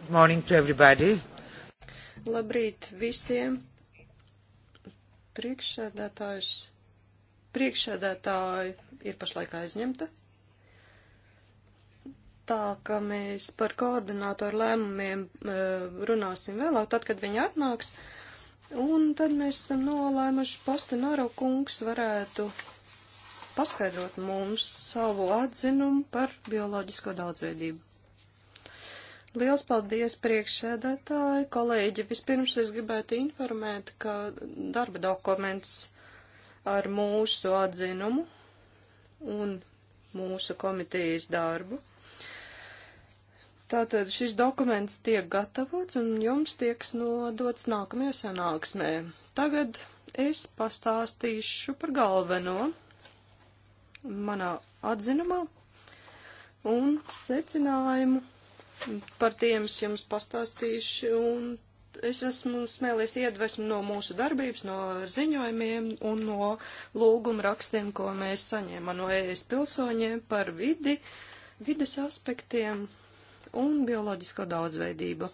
Good morning to everybody. Labrīt visiem. Priekšsēdētājs. Priekšsēdētāji ir pašlaik aizņemta. Tā ka mēs par koordinātoru lēmumiem e, runāsim vēlāk, tad, kad viņi atnāks. Un tad mēs esam nolēmuši Postenaro kungs varētu paskaidrot mums savu atzinumu par bioloģisko daudzveidību. Liels paldies priekšsēdētāji, kolēģi. Vispirms es gribētu informēt, ka darba dokuments ar mūsu atzinumu un mūsu komitejas darbu. Tātad šis dokuments tiek gatavots un jums tieks nodots nākamajā sanāksmē. Tagad es pastāstīšu par galveno manā atzinumā un secinājumu Par tiem es jums pastāstīšu, un es esmu smēlies iedvesmu no mūsu darbības, no ziņojumiem un no lūguma rakstiem, ko mēs saņēmām no ES pilsoņiem par vidi, vides aspektiem un bioloģisko daudzveidību.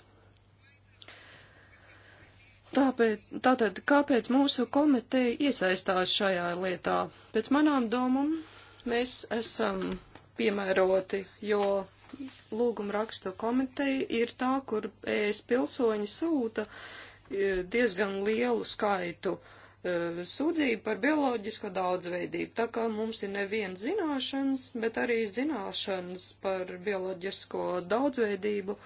Tāpēc, tātad, kāpēc mūsu komiteja iesaistās šajā lietā? Pēc manām domām mēs esam piemēroti, jo lūguma rakstu komiteja ir tā, kur es pilsoņi sūta e, diezgan lielu skaitu e, sūdzību par bioloģisko daudzveidību. Tā kā mums ir nevien zināšanas, bet arī zināšanas par bioloģisko daudzveidību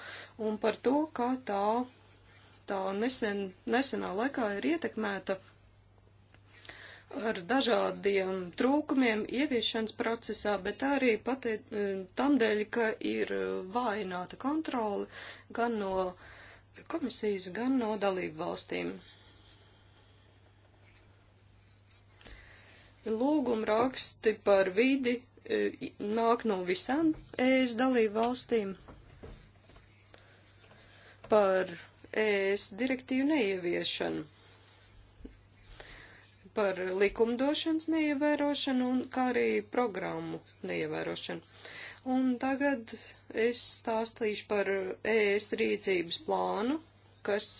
un par to, kā tā, tā nesen, nesenā laikā ir ietekmēta ar dažādiem trūkumiem ieviešanas procesā, bet arī pateic, eh, tam dēļ, ka ir eh, vājināta kontrole gan no komisijas, gan no dalību valstīm. Lūguma raksti par vidi eh, nāk no visām ES dalību valstīm par ES direktīvu neieviešanu par likumdošanas neievērošanu un kā arī programmu neievērošanu. Un tagad es stāstīšu par ES rīcības plānu, kas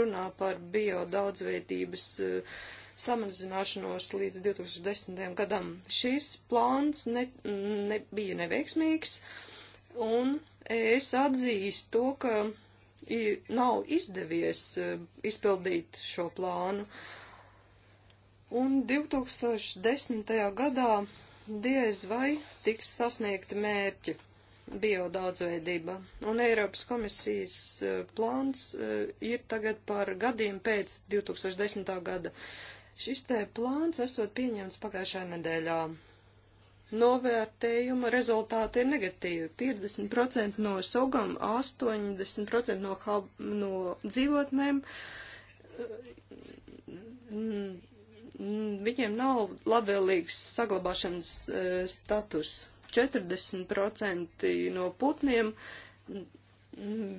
runā par bio daudzveidības eh, samazināšanos līdz 2010. gadam. Šis plāns ne, ne, bija neveiksmīgs, un es atzīstu to, ka ir, nav izdevies eh, izpildīt šo plānu. Uh, Un 2010. gadā diez vai tiks sasniegti mērķi biodaudzveidība. Un Eiropas komisijas e, plāns e, ir tagad par gadiem pēc 2010. gada. Šis te plāns esot pieņemts pagājušajā nedēļā. Novērtējuma rezultāti ir negatīvi. 50% no sugām, 80% no, hab, no dzīvotnēm Mm, viņiem nav labvēlīgs saglabāšanas e, status. 40% no putniem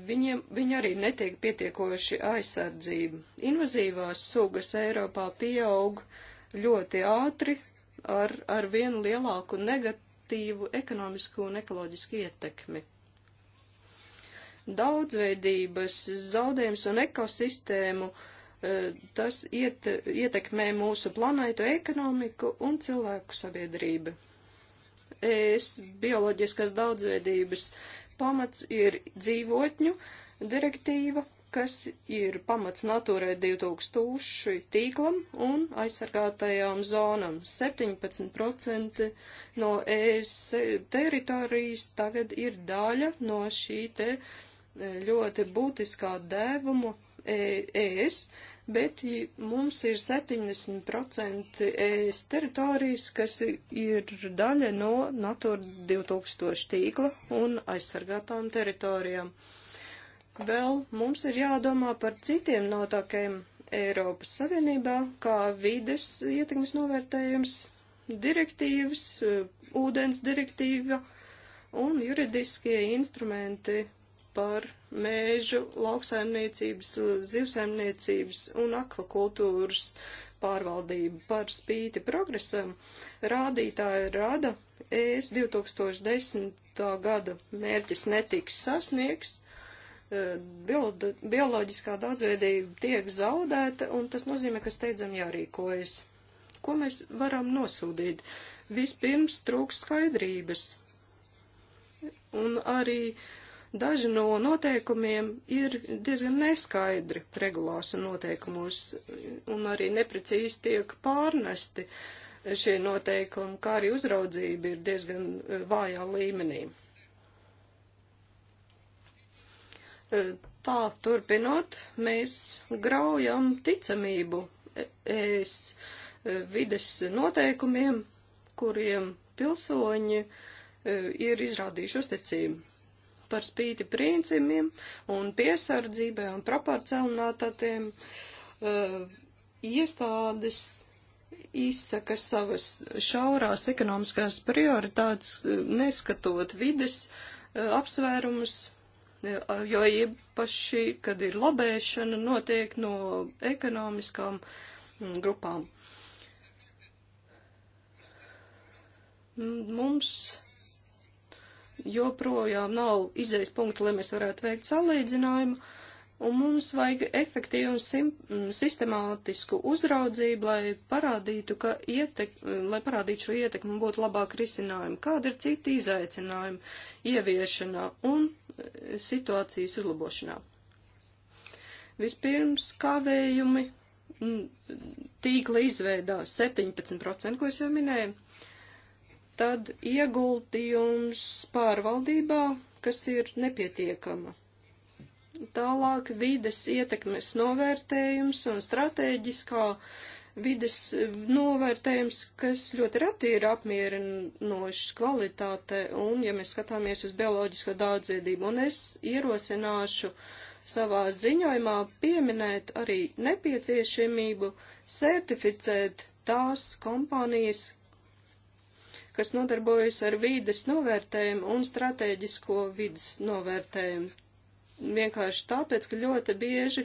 viņiem, viņi arī netiek pietiekoši aizsardzība. Invazīvās sugas Eiropā pieaug ļoti ātri ar, ar vienu lielāku negatīvu ekonomisku un ekoloģisku ietekmi. Daudzveidības zaudējums un ekosistēmu uh, E, tas iet, ietekmē mūsu planētu ekonomiku un cilvēku sabiedrību. Es bioloģiskas daudzveidības pamats ir dzīvotņu direktīva, kas ir pamats Natūrai 2000 tīklam un aizsargātajām zonām. 17% no ES teritorijas tagad ir daļa no šī te e, ļoti būtiskā dēvuma ES, bet mums ir 70% ES teritorijas, kas ir daļa no Natura 2000 tīkla un aizsargātām teritorijām. Vēl mums ir jādomā par citiem notākiem Eiropas Savienībā, kā vides ietekmes novērtējums, direktīvas, ūdens direktīva un juridiskie instrumenti par mēžu, lauksaimniecības, zivsaimniecības un akvakultūras pārvaldību par spīti progresam, rādītāji rada ES 2010. gada mērķis netiks sasniegs, e, bioloģiskā daudzveidība tiek zaudēta, un tas nozīmē, ka steidzam jārīkojas. Ko mēs varam nosūdīt? Vispirms trūks skaidrības. Un arī uh, Daži no noteikumiem ir diezgan neskaidri regulās un noteikumos, un arī neprecīzi tiek pārnesti šie noteikumi, kā arī uzraudzība ir diezgan eh, vājā līmenī. Eh, tā turpinot, mēs graujam ticamību es eh, vides noteikumiem, kuriem pilsoņi ir izrādījuši uzticību par spīti principiem un piesardzībai un proporcionātātiem uh, eh, iestādes izsaka savas šaurās ekonomiskās prioritātes, eh, neskatot vides uh, apsvērumus, uh, jo īpaši, kad ir lobēšana, notiek no ekonomiskām mm, grupām. Mums joprojām nav izējas punkta, lai mēs varētu veikt salīdzinājumu, un mums vajag efektīvu un sim, mm, sistemātisku uzraudzību, lai parādītu, ka ietek, lai parādītu šo ietekmi būtu labāk risinājumi, kāda ir citi izaicinājumi ieviešanā un e, situācijas uzlabošanā. Vispirms kavējumi mm, tīkla izveidā 17%, ko es jau minēju, tad ieguldījums pārvaldībā, kas ir nepietiekama. Tālāk vides ietekmes novērtējums un stratēģiskā vides novērtējums, kas ļoti reti ir apmierinošs kvalitāte, un ja mēs skatāmies uz bioloģisko daudzveidību, un es ierosināšu savā ziņojumā pieminēt arī nepieciešamību certificēt tās kompānijas, kas nodarbojas ar vīdes novērtējumu un strateģisko vidas novērtējumu. Vienkārši tāpēc, ka ļoti bieži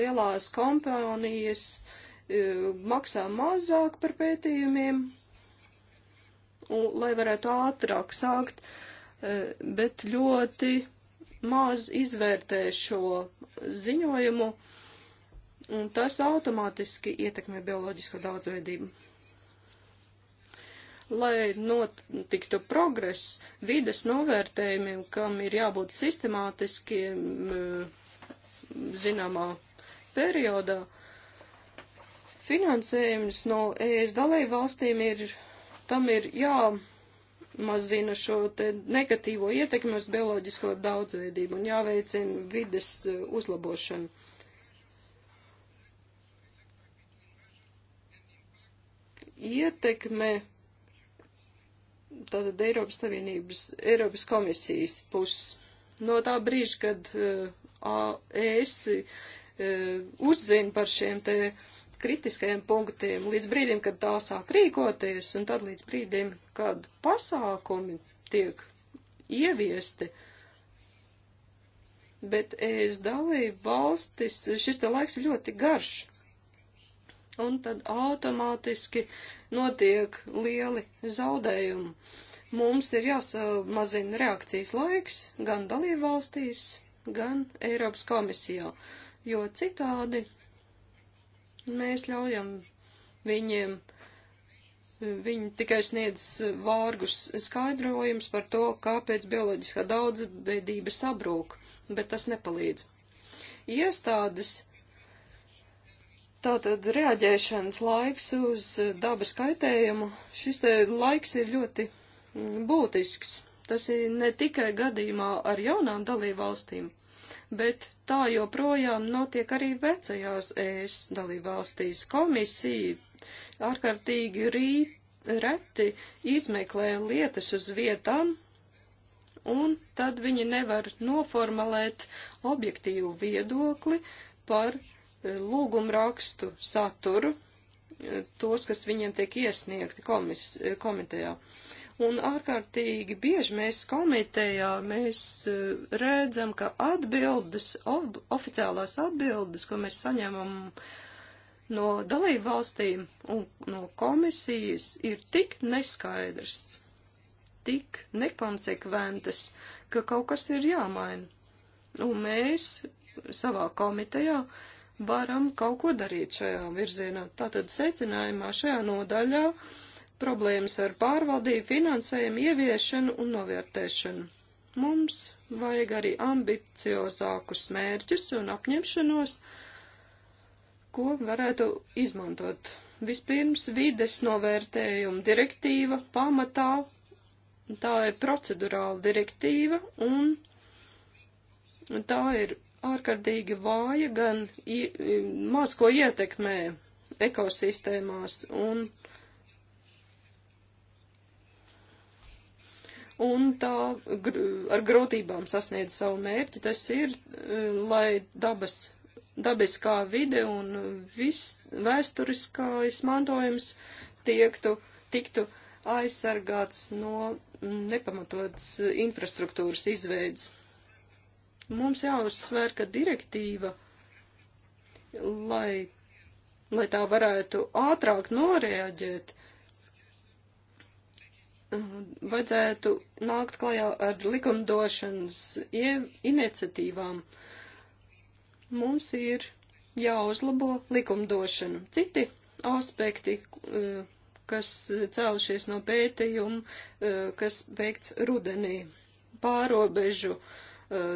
lielās kompānijas e, maksā mazāk par pētījumiem, un, lai varētu ātrāk sākt, e, bet ļoti maz izvērtē šo ziņojumu, un tas automātiski ietekmē bioloģisko daudzveidību lai notiktu progress, vides novērtējumiem, kam ir jābūt sistemātiskiem eh, zināmā periodā, finansējums no ES dalību valstīm ir, tam ir jāmazina šo te negatīvo ietekmi uz bioloģisko daudzveidību un jāveicina vides eh, uzlabošanu. Ietekme tātad Eiropas Savienības, Eiropas komisijas puses. No tā brīža, kad uh, eh, es uh, eh, uzzinu par šiem te kritiskajiem punktiem, līdz brīdim, kad tā sāk rīkoties, un tad līdz brīdim, kad pasākumi tiek ieviesti, bet es dalību valstis, šis te laiks ir ļoti garš un tad automātiski notiek lieli zaudējumi. Mums ir jāsamazina reakcijas laiks gan dalībvalstīs, gan Eiropas komisijā, jo citādi mēs ļaujam viņiem, viņi tikai sniedz vārgus skaidrojums par to, kāpēc bioloģiskā daudzveidība sabrūk, bet tas nepalīdz. Iestādes Tātad reaģēšanas laiks uz dabas kaitējumu, šis te laiks ir ļoti mm, būtisks. Tas ir ne tikai gadījumā ar jaunām dalībvalstīm, bet tā joprojām notiek arī vecajās ES dalībvalstīs. Komisija ārkārtīgi rī, reti izmeklē lietas uz vietām, un tad viņi nevar noformalēt objektīvu viedokli par uh, lūgumrakstu saturu, eh, tos, kas viņiem tiek iesniegti komis, eh, komitejā. Un ārkārtīgi bieži mēs komitejā mēs eh, redzam, ka atbildes, ob, oficiālās atbildes, ko mēs saņemam no dalību valstīm un no komisijas, ir tik neskaidrs, tik nekonsekventas, ka kaut kas ir jāmaina. Un mēs savā komitejā uh, varam kaut ko darīt šajā virzienā. Tātad secinājumā šajā nodaļā problēmas ar pārvaldību, finansējumu, ieviešanu un novērtēšanu. Mums vajag arī ambiciozākus mērķus un apņemšanos, ko varētu izmantot. Vispirms vides novērtējuma direktīva pamatā, tā ir procedurāla direktīva un tā ir ārkārtīgi vāja, gan maz ko ietekmē ekosistēmās un, un tā gr ar grūtībām sasniedz savu mērķi. Tas ir, e, lai dabas, dabiskā vide un viss vēsturiskais mantojums tiektu, tiktu aizsargāts no nepamatotas infrastruktūras izveidas. Mums jāuzsver, ka direktīva, lai, lai tā varētu ātrāk noreaģēt, vajadzētu nākt klajā ar likumdošanas iniciatīvām. Mums ir jāuzlabo likumdošanu. Citi aspekti, eh, kas cēlušies no pētījuma, eh, kas veikts rudenī, pārobežu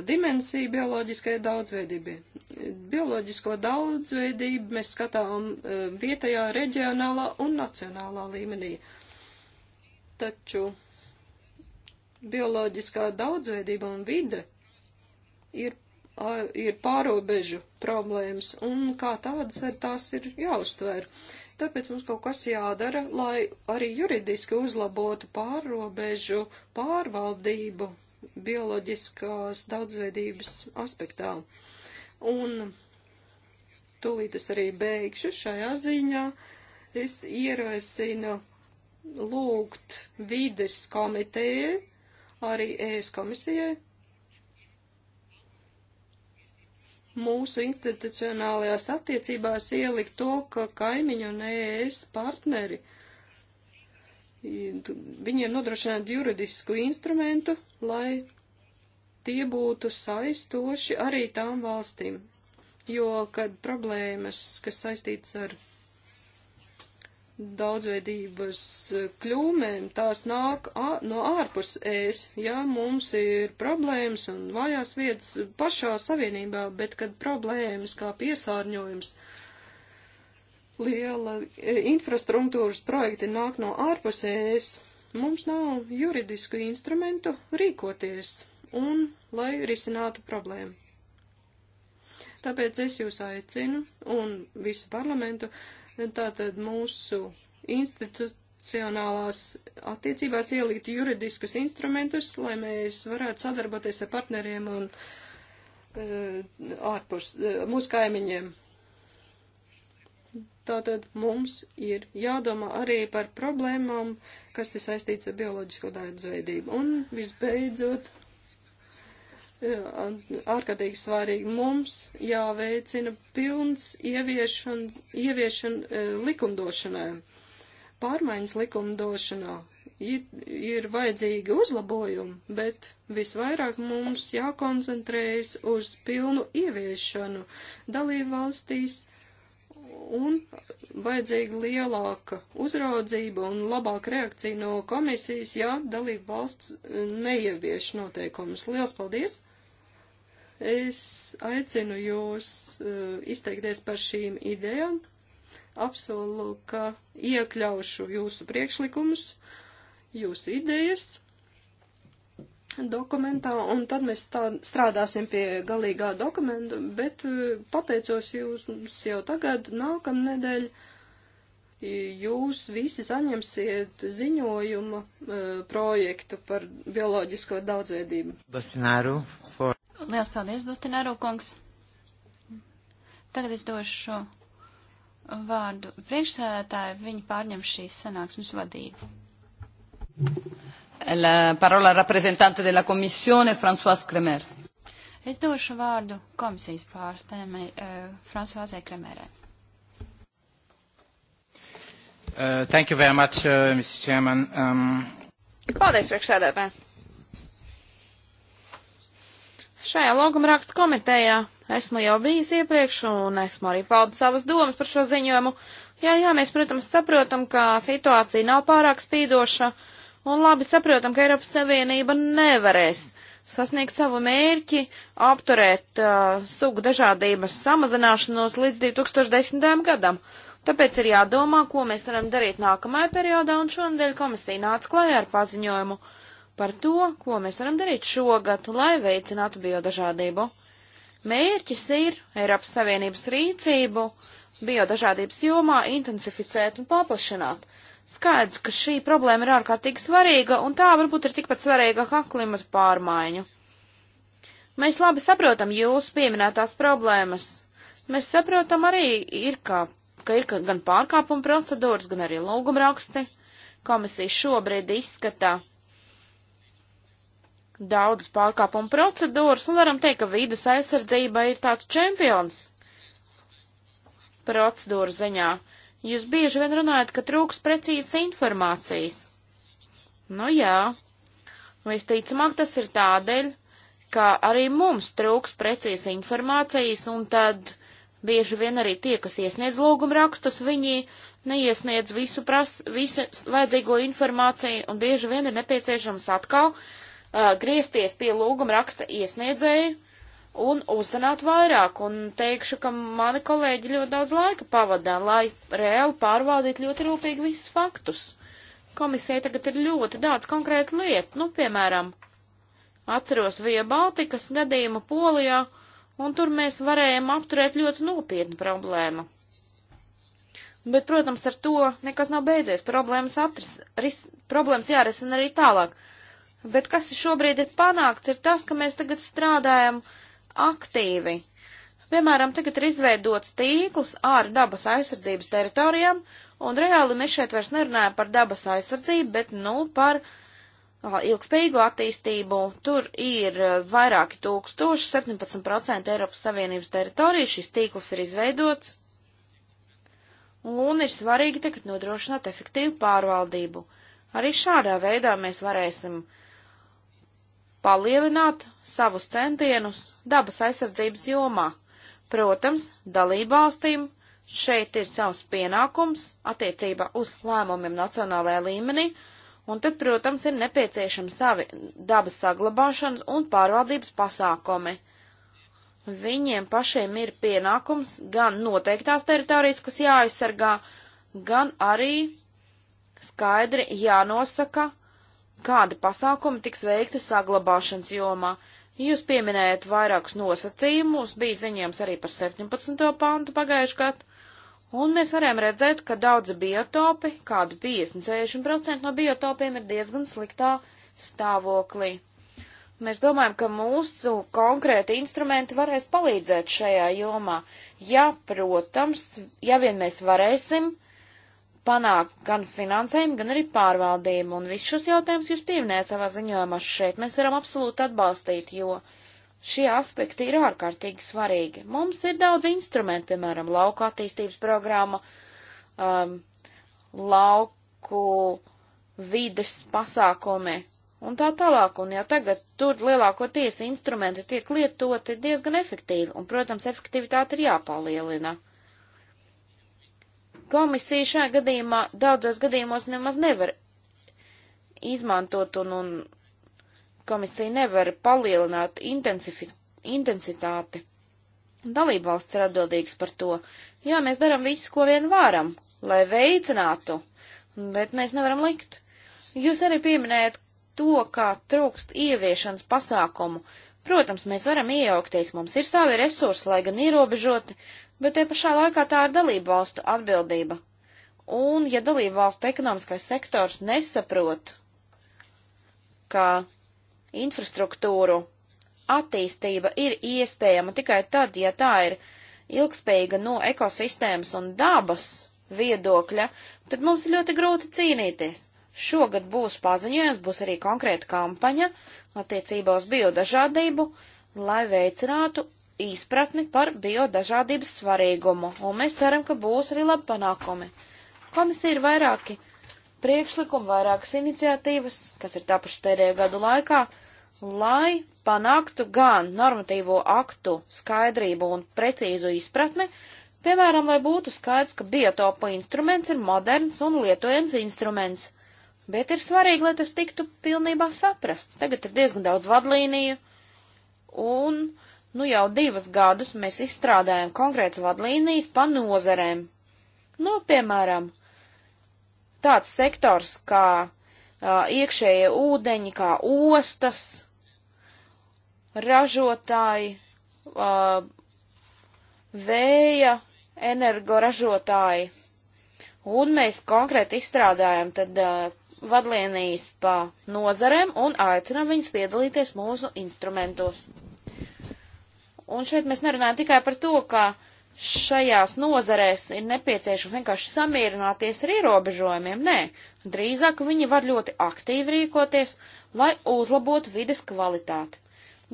dimensiju bioloģiskajai daudzveidībai. Bioloģisko daudzveidību mēs skatām e, vietējā, reģionālā un nacionālā līmenī. Taču bioloģiskā daudzveidība un vide ir, ir pārobežu problēmas, un kā tādas ar tās ir jāuztver. Tāpēc mums kaut kas jādara, lai arī juridiski uzlabotu pārobežu pārvaldību bioloģiskās daudzveidības aspektā. Un tūlīt es arī beigšu šajā ziņā. Es ierosinu lūgt vides komitejai, arī ES komisijai, mūsu institucionālajās attiecībās ielikt to, ka kaimiņu un ES partneri – viņiem nodrošināt juridisku instrumentu, lai tie būtu saistoši arī tām valstīm. Jo, kad problēmas, kas saistīts ar daudzveidības kļūmēm, tās nāk no ārpus ēs, ja mums ir problēmas un vājās vietas pašā savienībā, bet kad problēmas kā piesārņojums, uh, liela e, infrastruktūras projekti nāk no ārpus ES, mums nav juridisku instrumentu rīkoties un lai risinātu problēmu. Tāpēc es jūs aicinu un visu parlamentu, tātad mūsu institucionālās attiecībās ielikt juridiskus instrumentus, lai mēs varētu sadarboties ar partneriem un e, ārpus e, mūsu kaimiņiem. Tātad mums ir jādomā arī par problēmām, kas ir saistīts ar bioloģisko daudzveidību. Un visbeidzot, ārkārtīgi svarīgi mums jāveicina pilns ieviešana, ieviešana e, likumdošanai. Pārmaiņas likumdošanā ir, ir vajadzīgi uzlabojumi, bet visvairāk mums jākoncentrējas uz pilnu ieviešanu dalību valstīs un vajadzīga lielāka uzraudzība un labāka reakcija no komisijas, ja dalība valsts neievieš noteikumus. Liels paldies! Es aicinu jūs uh, izteikties par šīm idejām. Apsolu, ka iekļaušu jūsu priekšlikumus, jūsu idejas dokumentā, un tad mēs tā, strādāsim pie galīgā dokumenta, bet uh, pateicos jums jau tagad, nākamnedēļ jūs visi saņemsiet ziņojuma uh, projektu par bioloģisko daudzveidību. Bastināru. For... Lielas paldies, Bastināru kungs. Tagad es došu vārdu priekšsēdētāju, viņi pārņem šīs sanāksmes vadību. La parola al rappresentante della Commissione, François Kremer. Es došu vārdu komisijas pārstēmai uh, eh, Fransuāzai Kremerē. Uh, thank you very much, uh, Mr. Chairman. Um... Paldies, priekšsēdētāji. Šajā loguma rakstu komitejā esmu jau bijis iepriekš un esmu arī paudis savas domas par šo ziņojumu. Jā, jā, mēs, protams, saprotam, ka situācija nav pārāk spīdoša. Uh, un nu, labi saprotam, ka Eiropas Savienība nevarēs sasniegt savu mērķi, apturēt uh, sugu dažādības samazināšanos līdz 2010. gadam. Tāpēc ir jādomā, ko mēs varam darīt nākamajā periodā, un šonadēļ komisija nāca klajā ar paziņojumu par to, ko mēs varam darīt šogad, lai veicinātu biodažādību. Mērķis ir Eiropas Savienības rīcību biodažādības jomā intensificēt un paplašināt. Skaidrs, ka šī problēma ir ārkārtīgi svarīga, un tā varbūt ir tikpat svarīga kā klimata pārmaiņu. Mēs labi saprotam jūsu pieminētās problēmas. Mēs saprotam arī, ir kā, ka ir gan pārkāpuma procedūras, gan arī lūgumraksti. Komisija šobrīd izskatā daudzas pārkāpuma procedūras, un varam teikt, ka vīdas aizsardzība ir tāds čempions procedūru ziņā. Jūs bieži vien runājat, ka trūks precīzas informācijas. Nu jā, visticamāk tas ir tādēļ, ka arī mums trūks precīzas informācijas, un tad bieži vien arī tie, kas iesniedz lūgumu rakstus, viņi neiesniedz visu, pras, visu vajadzīgo informāciju, un bieži vien ir nepieciešams atkal uh, griezties pie lūguma raksta iesniedzēju, un uzzināt vairāk. Un teikšu, ka mani kolēģi ļoti daudz laika pavadā, lai reāli pārvaldītu ļoti rūpīgi visus faktus. Komisija tagad ir ļoti daudz konkrētu lietu, nu, piemēram, atceros Vija Baltikas gadījumu Polijā, un tur mēs varējām apturēt ļoti nopietnu problēmu. Bet, protams, ar to nekas nav beidzies. Problēmas, atris, ris, problēmas jārisina arī tālāk. Bet kas šobrīd ir panākts, ir tas, ka mēs tagad strādājam uh, aktīvi. Piemēram, tagad ir izveidots tīkls ārā dabas aizsardzības teritorijām, un reāli mēs šeit vairs nerunājam par dabas aizsardzību, bet, nu, par uh, ilgspējīgu attīstību. Tur ir uh, vairāki tūkstoši, 17% Eiropas Savienības teritorija, šis tīkls ir izveidots, un ir svarīgi tagad nodrošināt efektīvu pārvaldību. Arī šādā veidā mēs varēsim uh, palielināt savus centienus dabas aizsardzības jomā. Protams, dalībvalstīm šeit ir savs pienākums attiecībā uz lēmumiem nacionālajā līmenī, un tad, protams, ir nepieciešami savi dabas saglabāšanas un pārvaldības pasākumi. Viņiem pašiem ir pienākums gan noteiktās teritorijas, kas jāaizsargā, gan arī skaidri jānosaka kādi pasākumi tiks veikti saglabāšanas jomā. Jūs pieminējat vairākus nosacījumus, bija ziņojums arī par 17. pantu pagājušajā gadā, un mēs varējām redzēt, ka daudzi biotopi, kādi 50-60% no biotopiem ir diezgan sliktā stāvoklī. Mēs domājam, ka mūsu konkrēti instrumenti varēs palīdzēt šajā jomā, ja, protams, ja vien mēs varēsim uh, panākt gan finansējumu, gan arī pārvaldību. Un visus šos jautājumus jūs pieminējat savā ziņojumā šeit. Mēs varam absolūti atbalstīt, jo šie aspekti ir ārkārtīgi svarīgi. Mums ir daudz instrumentu, piemēram, lauka attīstības programma, um, lauku vides pasākumi un tā tālāk. Un jau tagad tur lielākoties instrumenti tiek lietoti diezgan efektīvi. Un, protams, efektivitāte ir jāpalielina. Komisija šajā gadījumā daudzos gadījumos nemaz nevar izmantot un, un komisija nevar palielināt intensitāti. Dalība valsts ir atbildīgs par to. Jā, mēs darām visu, ko vien varam, lai veicinātu, bet mēs nevaram likt. Jūs arī pieminējat to, kā trūkst ieviešanas pasākumu. Protams, mēs varam iejaukties, mums ir savi resursi, lai gan ierobežoti, bet te pašā laikā tā ir dalību valstu atbildība. Un, ja dalību valstu ekonomiskais sektors nesaprot, ka infrastruktūru attīstība ir iespējama tikai tad, ja tā ir ilgspējīga no ekosistēmas un dabas viedokļa, tad mums ir ļoti grūti cīnīties. Šogad būs paziņojums, būs arī konkrēta kampaņa attiecībā uz biodažādību, lai veicinātu izpratni par biodažādības svarīgumu, un mēs ceram, ka būs arī labi panākumi. Komisija ir vairāki priekšlikumi, vairākas iniciatīvas, kas ir tapušas pēdējo gadu laikā, lai panāktu gan normatīvo aktu skaidrību un precīzu izpratni, piemēram, lai būtu skaidrs, ka biotopa instruments ir moderns un lietojams instruments. Bet ir svarīgi, lai tas tiktu pilnībā saprasts. Tagad ir diezgan daudz vadlīniju, un uh, Nu jau divus gadus mēs izstrādājam konkrētas vadlīnijas pa nozerēm. Nu, piemēram, tāds sektors kā uh, iekšējie ūdeņi, kā ostas, ražotāji, uh, vēja energoražotāji. Un mēs konkrēti izstrādājam tad uh, vadlīnijas pa nozarēm un aicinām viņus piedalīties mūsu instrumentos. Un šeit mēs nerunājam tikai par to, ka šajās nozarēs ir nepieciešams vienkārši samierināties ar ierobežojumiem. Nē, drīzāk viņi var ļoti aktīvi rīkoties, lai uzlabotu vides kvalitāti.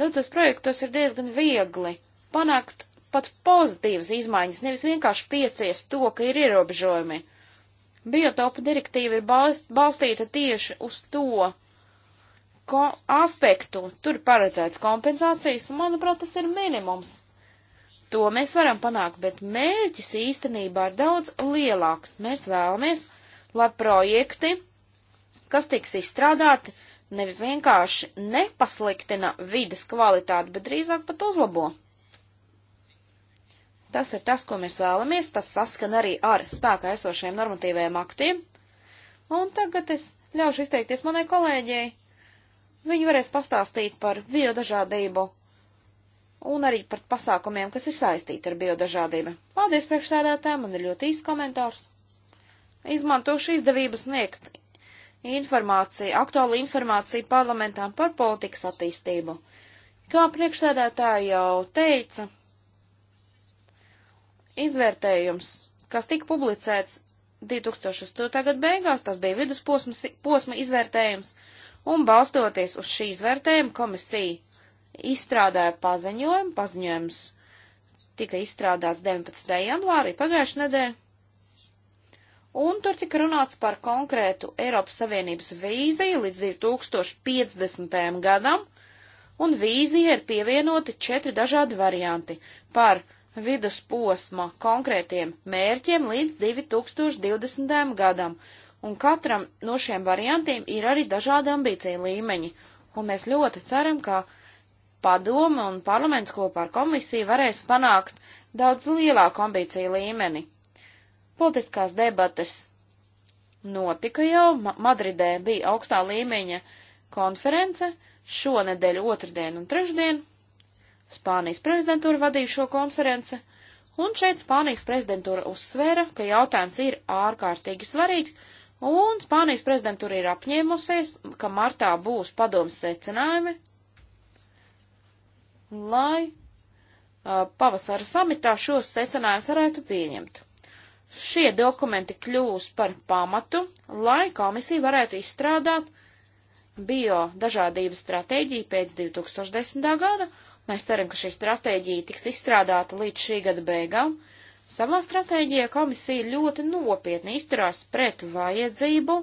Daudzos projektos ir diezgan viegli panākt pat pozitīvas izmaiņas, nevis vienkārši piecies to, ka ir ierobežojumi. Biotopu direktīva ir balst, balstīta tieši uz to, ko, aspektu tur paredzēts kompensācijas, un manuprāt, tas ir minimums. To mēs varam panākt, bet mērķis īstenībā ir daudz lielāks. Mēs vēlamies, lai projekti, kas tiks izstrādāti, nevis vienkārši nepasliktina vides kvalitāti, bet drīzāk pat uzlabo. Tas ir tas, ko mēs vēlamies, tas saskan arī ar spēkā esošajiem normatīvajiem aktiem. Un tagad es ļaušu izteikties manai kolēģei Viņi varēs pastāstīt par biodažādību un arī par pasākumiem, kas ir saistīti ar biodažādību. Paldies priekšsēdētājiem, man ir ļoti īsts komentārs. Izmantošu izdevību sniegt informāciju, aktuālu informāciju parlamentām par politikas attīstību. Kā priekšsēdētāja jau teica, izvērtējums, kas tika publicēts 2008. gada beigās, tas bija vidusposma izvērtējums, un balstoties uz šī izvērtējuma komisija izstrādāja paziņojumu, paziņojums tika izstrādāts 19. janvārī pagājušajā nedēļā, un tur tika runāts par konkrētu Eiropas Savienības vīziju līdz 2050. gadam, un vīzija ir pievienoti četri dažādi varianti par vidusposma konkrētiem mērķiem līdz 2020. gadam, un katram no šiem variantiem ir arī dažādi ambīcija līmeņi, un mēs ļoti ceram, ka padoma un parlaments kopā ar komisiju varēs panākt daudz lielāku ambīciju līmeni. Politiskās debates notika jau, Ma Madridē bija augstā līmeņa konference, šonedēļ otrdien un trešdien, Spānijas prezidentūra vadīja šo konferenci, un šeit Spānijas prezidentūra uzsvēra, ka jautājums ir ārkārtīgi svarīgs, Un Spānijas prezidentūra ir apņēmusies, ka martā būs padomas secinājumi, lai uh, pavasara samitā šos secinājumus varētu pieņemt. Šie dokumenti kļūs par pamatu, lai komisija varētu izstrādāt bio dažādības stratēģiju pēc 2010. gada. Mēs ceram, ka šī stratēģija tiks izstrādāta līdz šī gada beigām. Uh, Savā stratēģijā komisija ļoti nopietni izturās pret vajadzību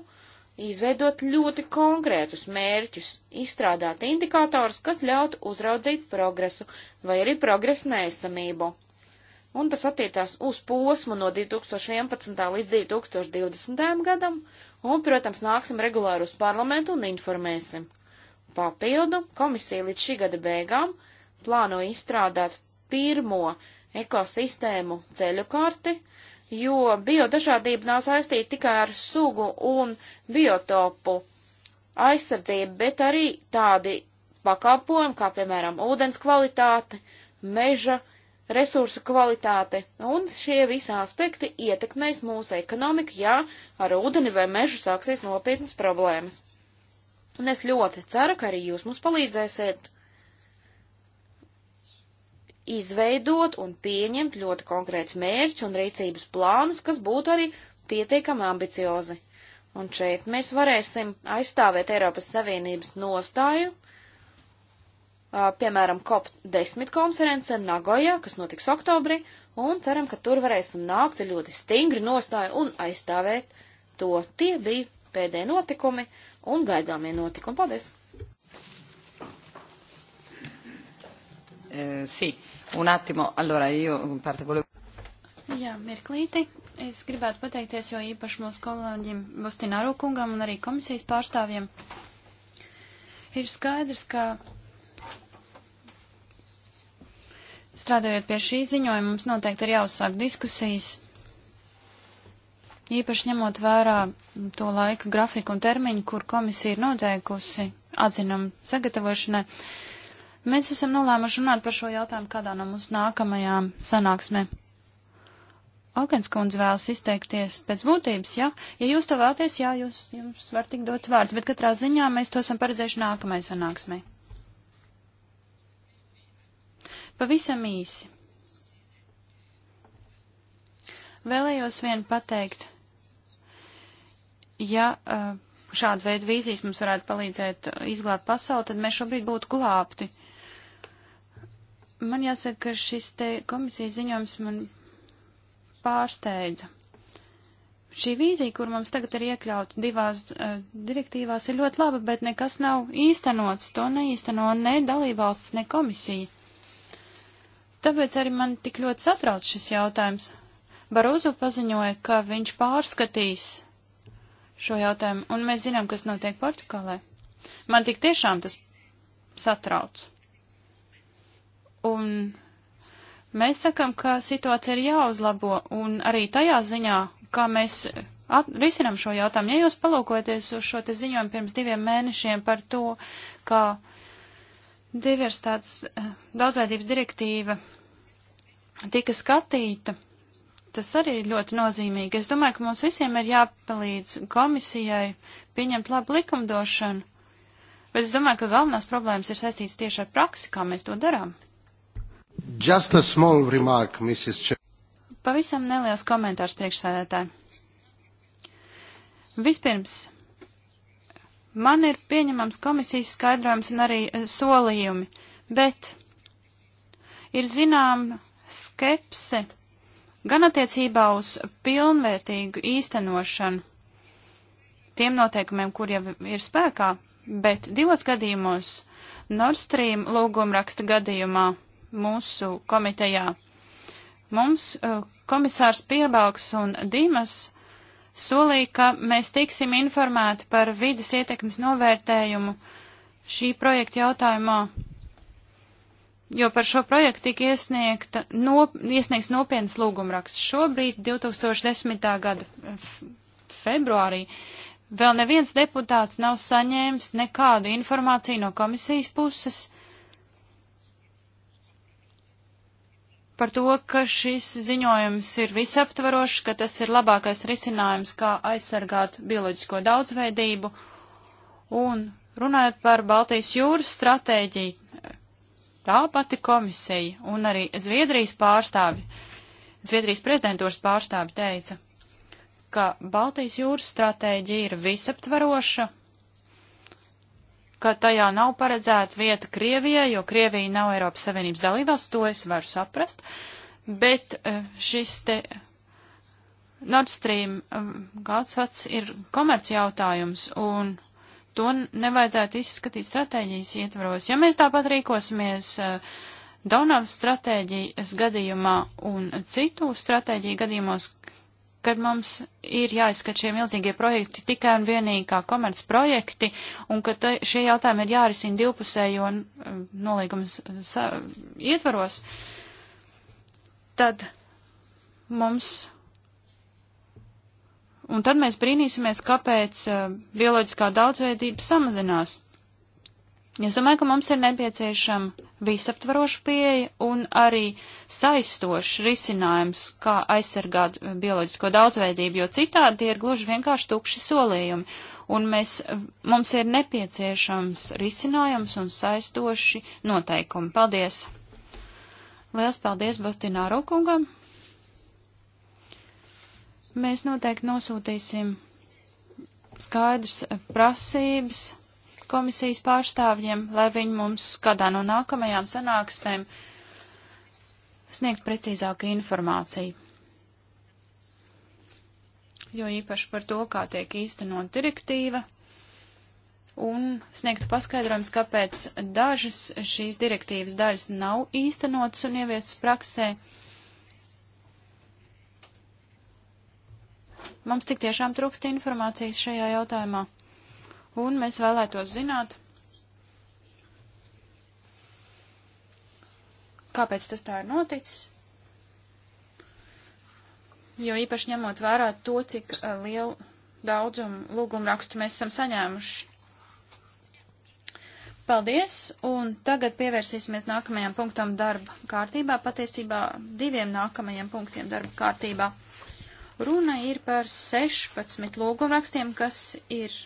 izveidot ļoti konkrētus mērķus, izstrādāt indikātors, kas ļautu uzraudzīt progresu vai arī progresu neesamību. Un tas attiecās uz posmu no 2011. līdz 2020. gadam, un, protams, nāksim regulāri uz parlamentu un informēsim. Papildu komisija līdz šī gada beigām plāno izstrādāt pirmo ekosistēmu ceļu karti, jo biodažādība nav saistīta tikai ar sugu un biotopu aizsardzību, bet arī tādi pakalpojumi, kā piemēram ūdens kvalitāte, meža resursu kvalitāte, un šie visi aspekti ietekmēs mūsu ekonomiku, ja ar ūdeni vai mežu sāksies nopietnas problēmas. Un es ļoti ceru, ka arī jūs mums palīdzēsiet izveidot un pieņemt ļoti konkrēts mērķis un rīcības plānus, kas būtu arī pietiekami ambiciozi. Un šeit mēs varēsim aizstāvēt Eiropas Savienības nostāju, piemēram, COP10 konference Nagojā, kas notiks oktobrī, un ceram, ka tur varēsim nākt ar ļoti stingri nostāju un aizstāvēt to. Tie bija pēdējie notikumi un gaidāmie notikumi. Paldies! Uh, sì, Un attimo, allora io in parte volevo. Jā, mirklīti. Es gribētu pateikties jo īpaši mūsu kolēģim Bostināru kungam un arī komisijas pārstāvjiem. Ir skaidrs, ka strādājot pie šī ziņojuma, mums noteikti ir jāuzsāk diskusijas, īpaši ņemot vērā to laika grafiku un termiņu, kur komisija ir noteikusi atzinumu sagatavošanai. Uh, Mēs esam nolēmuši runāt par šo jautājumu kādā no mūsu nākamajām sanāksmēm. Alkens kundze vēlas izteikties pēc būtības, jā? Ja? ja jūs to vēlaties, jā, jūs, jums var tik dots vārds, bet katrā ziņā mēs to esam paredzējuši nākamajai sanāksmei. Pavisam īsi. Vēlējos vien pateikt, ja šāda veida vīzijas mums varētu palīdzēt izglābt pasauli, tad mēs šobrīd būtu glābti. Man jāsaka, ka šis te komisijas ziņojums man pārsteidza. Šī vīzija, kur mums tagad ir iekļauta divās uh, direktīvās, ir ļoti laba, bet nekas nav īstenots. To neīsteno ne dalībvalsts, ne komisija. Tāpēc arī man tik ļoti satrauc šis jautājums. Barozu paziņoja, ka viņš pārskatīs šo jautājumu, un mēs zinām, kas notiek Portugālē. Man tik tiešām tas satrauc. Un mēs sakam, ka situācija ir jāuzlabo, un arī tajā ziņā, kā mēs at, risinam šo jautājumu. Ja jūs palūkojaties uz šo te ziņojumu pirms diviem mēnešiem par to, ka diversitātes eh, daudzveidības direktīva tika skatīta, tas arī ir ļoti nozīmīgi. Es domāju, ka mums visiem ir jāpalīdz komisijai pieņemt labu likumdošanu, bet es domāju, ka galvenās problēmas ir saistītas tieši ar praksi, kā mēs to darām. Just a small remark, Mrs. Ch Pavisam neliels komentārs priekšsēdētāji. Vispirms, man ir pieņemams komisijas skaidrojums un arī eh, solījumi, bet ir zinām skepse gan attiecībā uz pilnvērtīgu īstenošanu tiem noteikumiem, kur jau ir spēkā, bet divos gadījumos Nord Stream lūgumraksta gadījumā mūsu komitejā. Mums uh, komisārs Piebalgs un Dīmas solīja, ka mēs tiksim informēti par vidas ietekmes novērtējumu šī projekta jautājumā, jo par šo projektu tika iesniegta, nop, iesniegts nopietnas lūgumraksts. Šobrīd, 2010. gada februārī, vēl neviens deputāts nav saņēmis nekādu informāciju no komisijas puses par to, ka šis ziņojums ir visaptvarošs, ka tas ir labākais risinājums, kā aizsargāt bioloģisko daudzveidību. Un runājot par Baltijas jūras stratēģiju, tā pati komisija un arī Zviedrijas pārstāvi, Zviedrijas prezidentūras pārstāvi teica, ka Baltijas jūras stratēģija ir visaptvaroša ka tajā nav paredzēta vieta Krievijai, jo Krievija nav Eiropas Savienības dalībvalsts, to es varu saprast, bet e, šis te Nord Stream e, gāzvats ir komerci jautājums un to nevajadzētu izskatīt stratēģijas ietvaros. Ja mēs tāpat rīkosimies e, Donavas stratēģijas gadījumā un citu stratēģiju gadījumos, kad mums ir jāizskat šie milzīgie projekti tikai un vienīgi kā komerc projekti, un ka te, šie jautājumi ir jārisina divpusējo um, nolīgums ietvaros, tad mums. Un tad mēs brīnīsimies, kāpēc uh, bioloģiskā daudzveidība samazinās. Es domāju, ka mums ir nepieciešama visaptvaroša pieeja un arī saistošs risinājums, kā aizsargāt bioloģisko daudzveidību, jo citādi tie ir gluži vienkārši tukši solījumi. Un mēs, mums ir nepieciešams risinājums un saistoši noteikumi. Paldies! Liels paldies Bostināro kungam! Mēs noteikti nosūtīsim skaidrs prasības komisijas pārstāvjiem, lai viņi mums kādā no nākamajām sanāksmēm sniegt precīzāku informāciju. Jo īpaši par to, kā tiek īstenot direktīva un sniegtu paskaidrojums, kāpēc dažas šīs direktīvas daļas nav īstenotas un ieviestas praksē. Mums tik tiešām trūkst informācijas šajā jautājumā un mēs vēlētos zināt, kāpēc tas tā ir noticis. Jo īpaši ņemot vērā to, cik uh, lielu daudzumu lūgumu rakstu mēs esam saņēmuši. Paldies, un tagad pievērsīsimies nākamajam punktam darba kārtībā, patiesībā diviem nākamajiem punktiem darba kārtībā. Runa ir par 16 lūgumrakstiem, kas ir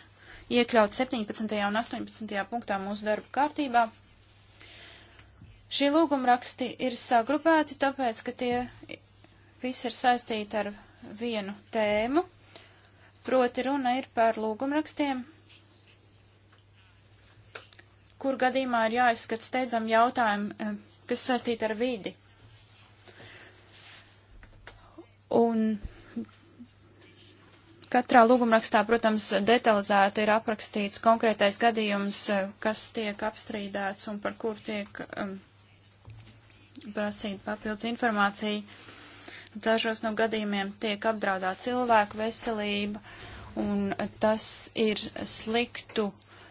iekļaut 17. un 18. punktā mūsu darba kārtībā. Šie lūgumraksti ir sagrupēti, tāpēc, ka tie visi ir saistīti ar vienu tēmu, proti runa ir par lūgumrakstiem, kur gadījumā ir jāizskat steidzam jautājumu, eh, kas saistīti ar vidi. Un Katrā lūgumrakstā, protams, detalizēti ir aprakstīts konkrētais gadījums, eh, kas tiek apstrīdēts un par kur tiek um, prasīta papildus informācija. Dažos no gadījumiem tiek apdraudēta cilvēku veselība, un tas ir sliktu,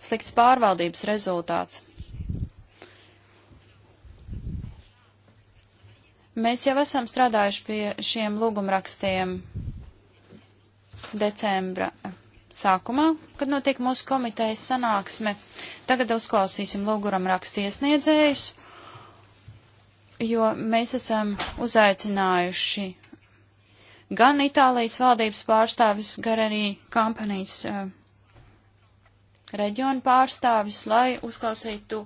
slikts pārvaldības rezultāts. Mēs jau esam strādājuši pie šiem lūgumrakstiem decembra sākumā, kad notiek mūsu komitejas sanāksme. Tagad uzklausīsim lūguram rakstiesniedzējus, jo mēs esam uzaicinājuši gan Itālijas valdības pārstāvis, gan arī kampanijas uh, eh, reģionu pārstāvis, lai uzklausītu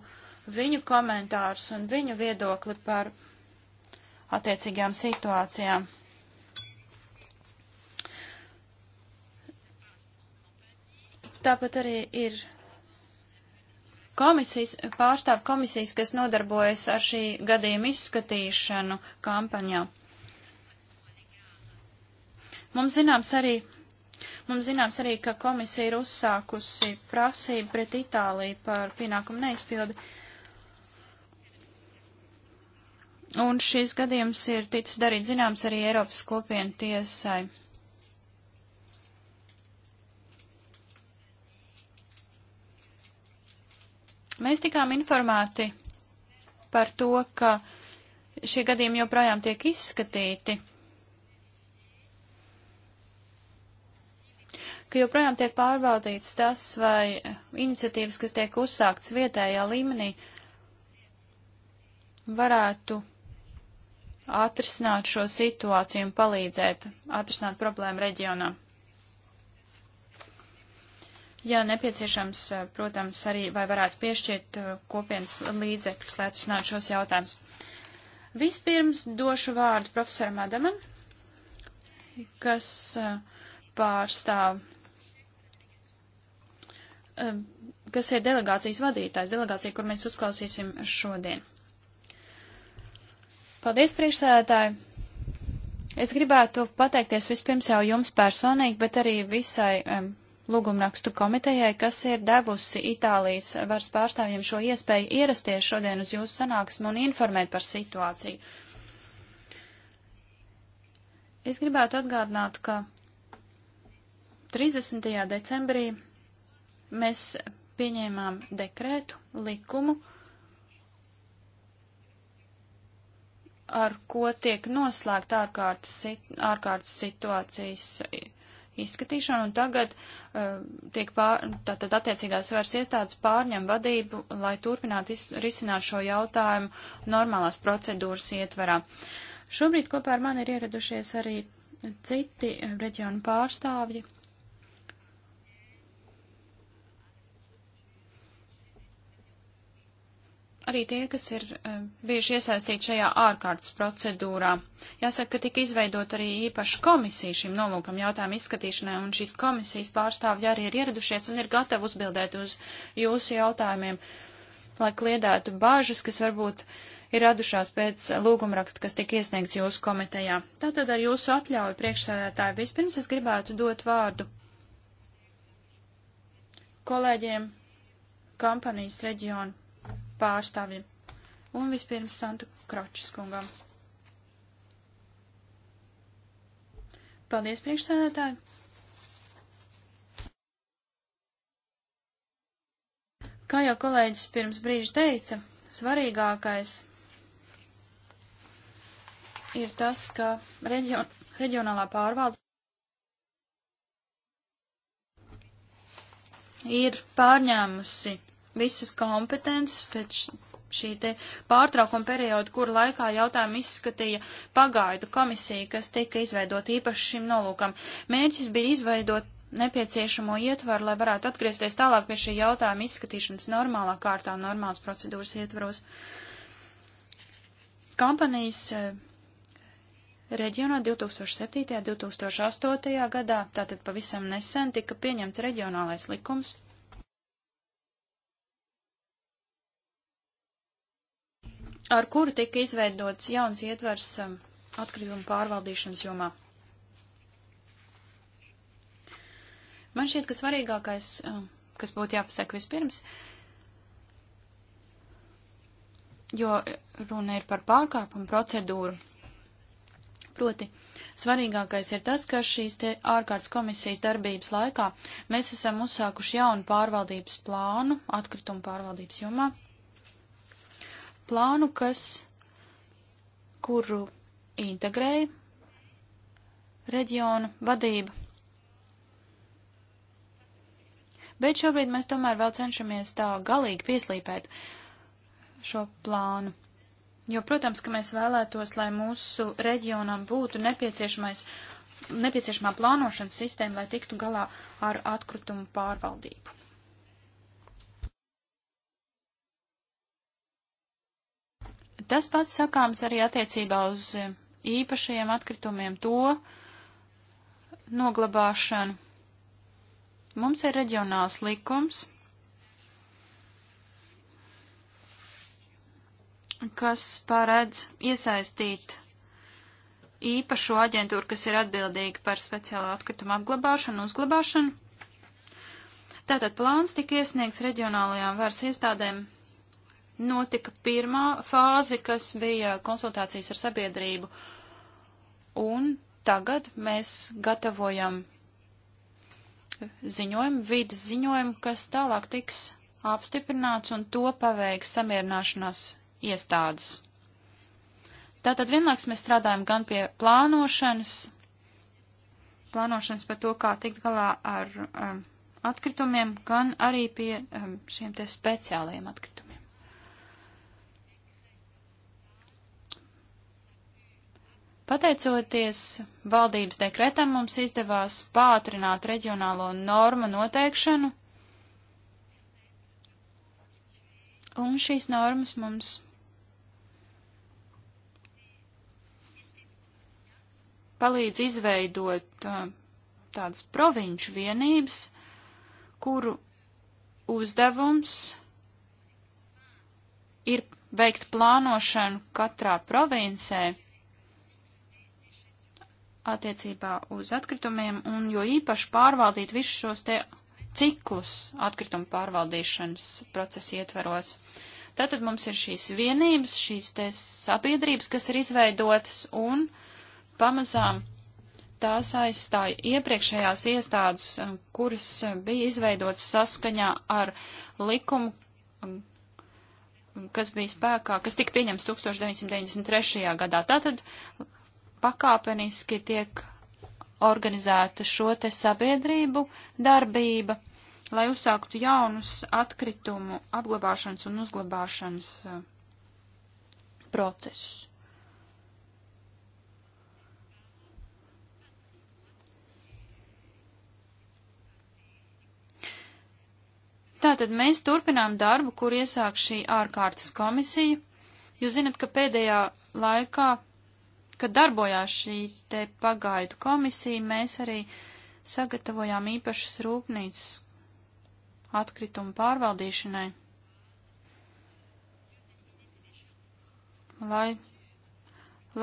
viņu komentārus un viņu viedokli par attiecīgām situācijām. Tāpat arī ir komisijas, pārstāv komisijas, kas nodarbojas ar šī gadījuma izskatīšanu kampaņā. Mums zināms arī, mums zināms arī, ka komisija ir uzsākusi prasību pret Itāliju par pienākumu neizpildi. Un šis gadījums ir ticis darīt zināms arī Eiropas kopienu tiesai. Mēs tikām informēti par to, ka šie gadījumi joprojām tiek izskatīti, ka joprojām tiek pārbaudīts tas, vai iniciatīvas, kas tiek uzsākts vietējā līmenī, varētu atrisināt šo situāciju un palīdzēt atrisināt problēmu reģionā. Ja nepieciešams, eh, protams, arī vai varētu piešķirt eh, kopienas līdzekļus, lai atrisinātu šos jautājumus. Vispirms došu vārdu profesoram Adamam, kas eh, pārstāv, kas ir delegācijas vadītājs, delegācija, kur mēs uzklausīsim šodien. Paldies, priekšsēdētāji! Es gribētu pateikties vispirms jau jums personīgi, bet arī visai um, lūgumrakstu komitejai, kas ir devusi Itālijas varas pārstāvjiem šo iespēju ierasties šodien uz jūsu sanāksmu un informēt par situāciju. Es gribētu atgādināt, ka 30. decembrī mēs pieņēmām dekrētu, likumu, ar ko tiek noslēgta ārkārtas, ārkārtas situācijas izskatīšanu, un tagad uh, tiek pār, tātad attiecīgās varas iestādes pārņem vadību, lai turpinātu risināt šo jautājumu normālās procedūras ietverā. Šobrīd kopā ar mani ir ieradušies arī citi reģionu pārstāvji, arī tie, kas ir eh, bijuši iesaistīti šajā ārkārtas procedūrā. Jāsaka, ka tika izveidot arī īpaša komisija šim nolūkam jautājumu izskatīšanai, un šīs komisijas pārstāvji arī ir ieradušies un ir gatavi uzbildēt uz jūsu jautājumiem, lai kliedētu bāžas, kas varbūt ir radušās pēc lūgumraksta, kas tika iesniegts jūsu komitejā. Tātad ar jūsu atļauju priekšsēdētāju vispirms es gribētu dot vārdu kolēģiem kampanijas reģionu pārstāvji. Un vispirms Santu Kročis kungam. Paldies, priekšstādātāji! Kā jau kolēģis pirms brīža teica, svarīgākais ir tas, ka reģion, reģionālā pārvalde ir pārņēmusi visas kompetences pēc šī te pārtraukuma perioda, kur laikā jautājumu izskatīja pagaidu komisija, kas tika izveidota īpaši šim nolūkam. Mērķis bija izveidot nepieciešamo ietvaru, lai varētu atgriezties tālāk pie šī jautājuma izskatīšanas normālā kārtā un normālas procedūras ietvaros. Kompanijas eh, reģionā 2007. un 2008. gadā, tātad pavisam nesen, tika pieņemts reģionālais likums ar kuru tika izveidots jauns ietvers um, atkritumu pārvaldīšanas jomā. Man šķiet, ka svarīgākais, um, kas būtu jāpasaka vispirms, jo runa ir par pārkāpumu procedūru. Proti, svarīgākais ir tas, ka šīs te ārkārtas komisijas darbības laikā mēs esam uzsākuši jaunu pārvaldības plānu atkritumu pārvaldības jomā, plānu, kas, kuru integrēja reģiona vadība. Bet šobrīd mēs tomēr vēl cenšamies tā galīgi pieslīpēt šo plānu. Jo, protams, ka mēs vēlētos, lai mūsu reģionam būtu nepieciešamais, nepieciešamā plānošanas sistēma, lai tiktu galā ar atkritumu pārvaldību. Tas pats sakāms arī attiecībā uz īpašajiem atkritumiem, to noglabāšanu. Mums ir reģionāls likums, kas paredz iesaistīt īpašo aģentūru, kas ir atbildīga par speciālo atkritumu apglabāšanu, uzglabāšanu. Tātad plāns tika iesniegts reģionālajām varas iestādēm notika pirmā fāze, kas bija konsultācijas ar sabiedrību, un tagad mēs gatavojam ziņojumu, vidas ziņojumu, kas tālāk tiks apstiprināts un to paveiks samierināšanās iestādes. Tātad vienlaiks mēs strādājam gan pie plānošanas, plānošanas par to, kā tikt galā ar um, atkritumiem, gan arī pie um, šiem te speciālajiem atkritumiem. Pateicoties valdības dekretam, mums izdevās pātrināt reģionālo normu noteikšanu, un šīs normas mums palīdz izveidot uh, tādas provinču vienības, kuru uzdevums ir veikt plānošanu katrā provincē attiecībā uz atkritumiem un jo īpaši pārvaldīt visus šos te ciklus atkritumu pārvaldīšanas procesa ietverots. Tātad mums ir šīs vienības, šīs te sabiedrības, kas ir izveidotas un pamazām tās aizstāja iepriekšējās iestādes, um, kuras um, bija izveidotas saskaņā ar likumu, um, kas bija spēkā, kas tika pieņemts 1993. gadā. Tātad pakāpeniski tiek organizēta šo te sabiedrību darbība, lai uzsāktu jaunus atkritumu apglabāšanas un uzglabāšanas eh, procesus. Tātad mēs turpinām darbu, kur iesāk šī ārkārtas komisija. Jūs zinat, ka pēdējā laikā kad darbojās šī te pagaidu komisija, mēs arī sagatavojām īpašas rūpnīcas atkritumu pārvaldīšanai, lai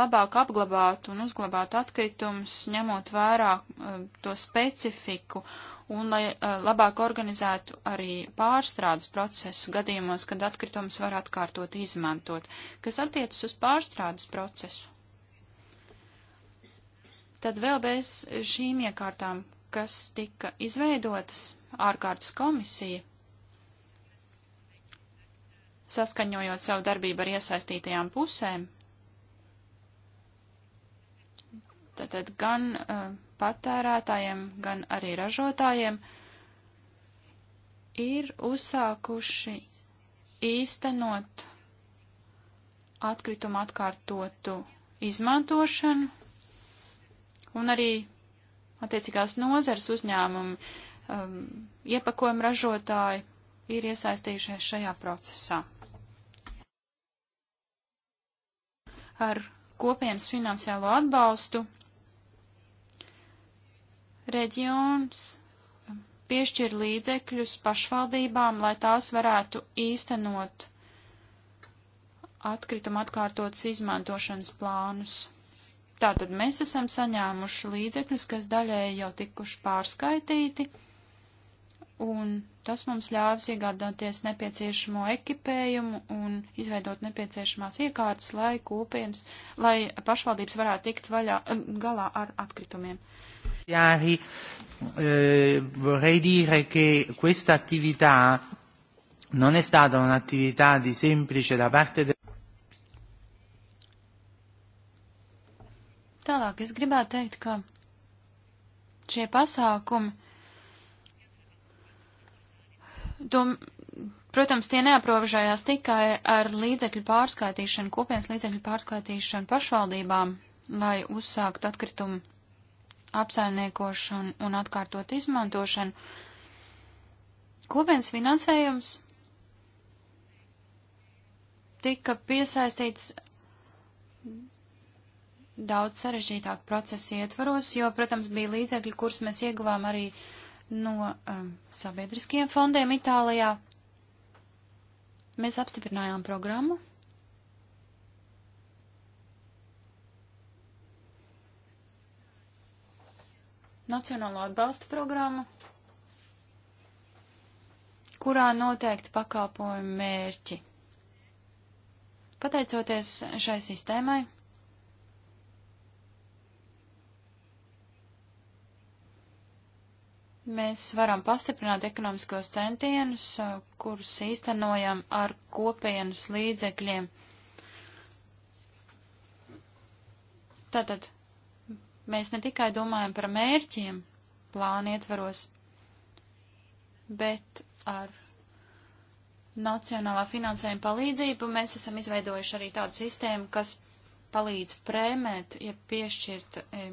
labāk apglabātu un uzglabātu atkritumus, ņemot vērā uh, to specifiku un lai uh, labāk organizētu arī pārstrādes procesu gadījumos, kad atkritumus var atkārtot izmantot, kas attiecas uz pārstrādes procesu tad vēl bez šīm iekārtām, kas tika izveidotas ārkārtas komisija, saskaņojot savu darbību ar iesaistītajām pusēm, tātad gan uh, patērētājiem, gan arī ražotājiem ir uzsākuši īstenot atkritumu atkārtotu izmantošanu, un arī attiecīgās nozars uzņēmumi, um, iepakojuma ražotāji ir iesaistījušies šajā procesā. Ar kopienas finansiālo atbalstu reģions piešķir līdzekļus pašvaldībām, lai tās varētu īstenot atkrituma atkārtotas izmantošanas plānus. Tātad mēs esam saņēmuši līdzekļus, kas daļēji jau tikuši pārskaitīti, un tas mums ļāvis iegādāties nepieciešamo ekipējumu un izveidot nepieciešamās iekārtas, lai kopienas, lai pašvaldības varētu tikt vaļā, eh, galā ar atkritumiem. Jāri, eh, vorrei dire che questa attività non è stata un'attività di semplice da parte del Tālāk es gribētu teikt, ka šie pasākumi, to, protams, tie neaprobežojās tikai ar līdzekļu pārskaitīšanu, kopienas līdzekļu pārskaitīšanu pašvaldībām, lai uzsāktu atkritumu apsaimniekošanu un atkārtot izmantošanu. Kopienas finansējums tika piesaistīts daudz sarežģītāk procesu ietvaros, jo, protams, bija līdzekļi, kurus mēs ieguvām arī no um, sabiedriskiem fondiem Itālijā. Mēs apstiprinājām programmu. Nacionālo atbalsta programmu, kurā noteikti pakalpojumi mērķi. Pateicoties šai sistēmai, Mēs varam pastiprināt ekonomiskos centienus, kurus īstenojam ar kopienas līdzekļiem. Tātad mēs ne tikai domājam par mērķiem plānu ietvaros, bet ar nacionālā finansējuma palīdzību mēs esam izveidojuši arī tādu sistēmu, kas palīdz prēmēt, ja piešķirt e,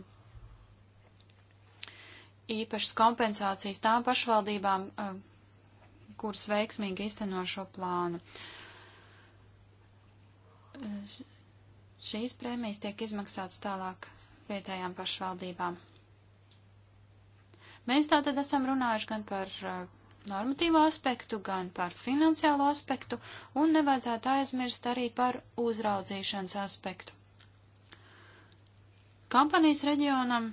īpašas kompensācijas tām pašvaldībām, eh, kuras veiksmīgi izteno šo plānu. Eh, šīs prēmijas tiek izmaksātas tālāk vietējām pašvaldībām. Mēs tātad esam runājuši gan par eh, normatīvo aspektu, gan par finansiālo aspektu, un nevajadzētu aizmirst arī par uzraudzīšanas aspektu. Kampanijas reģionam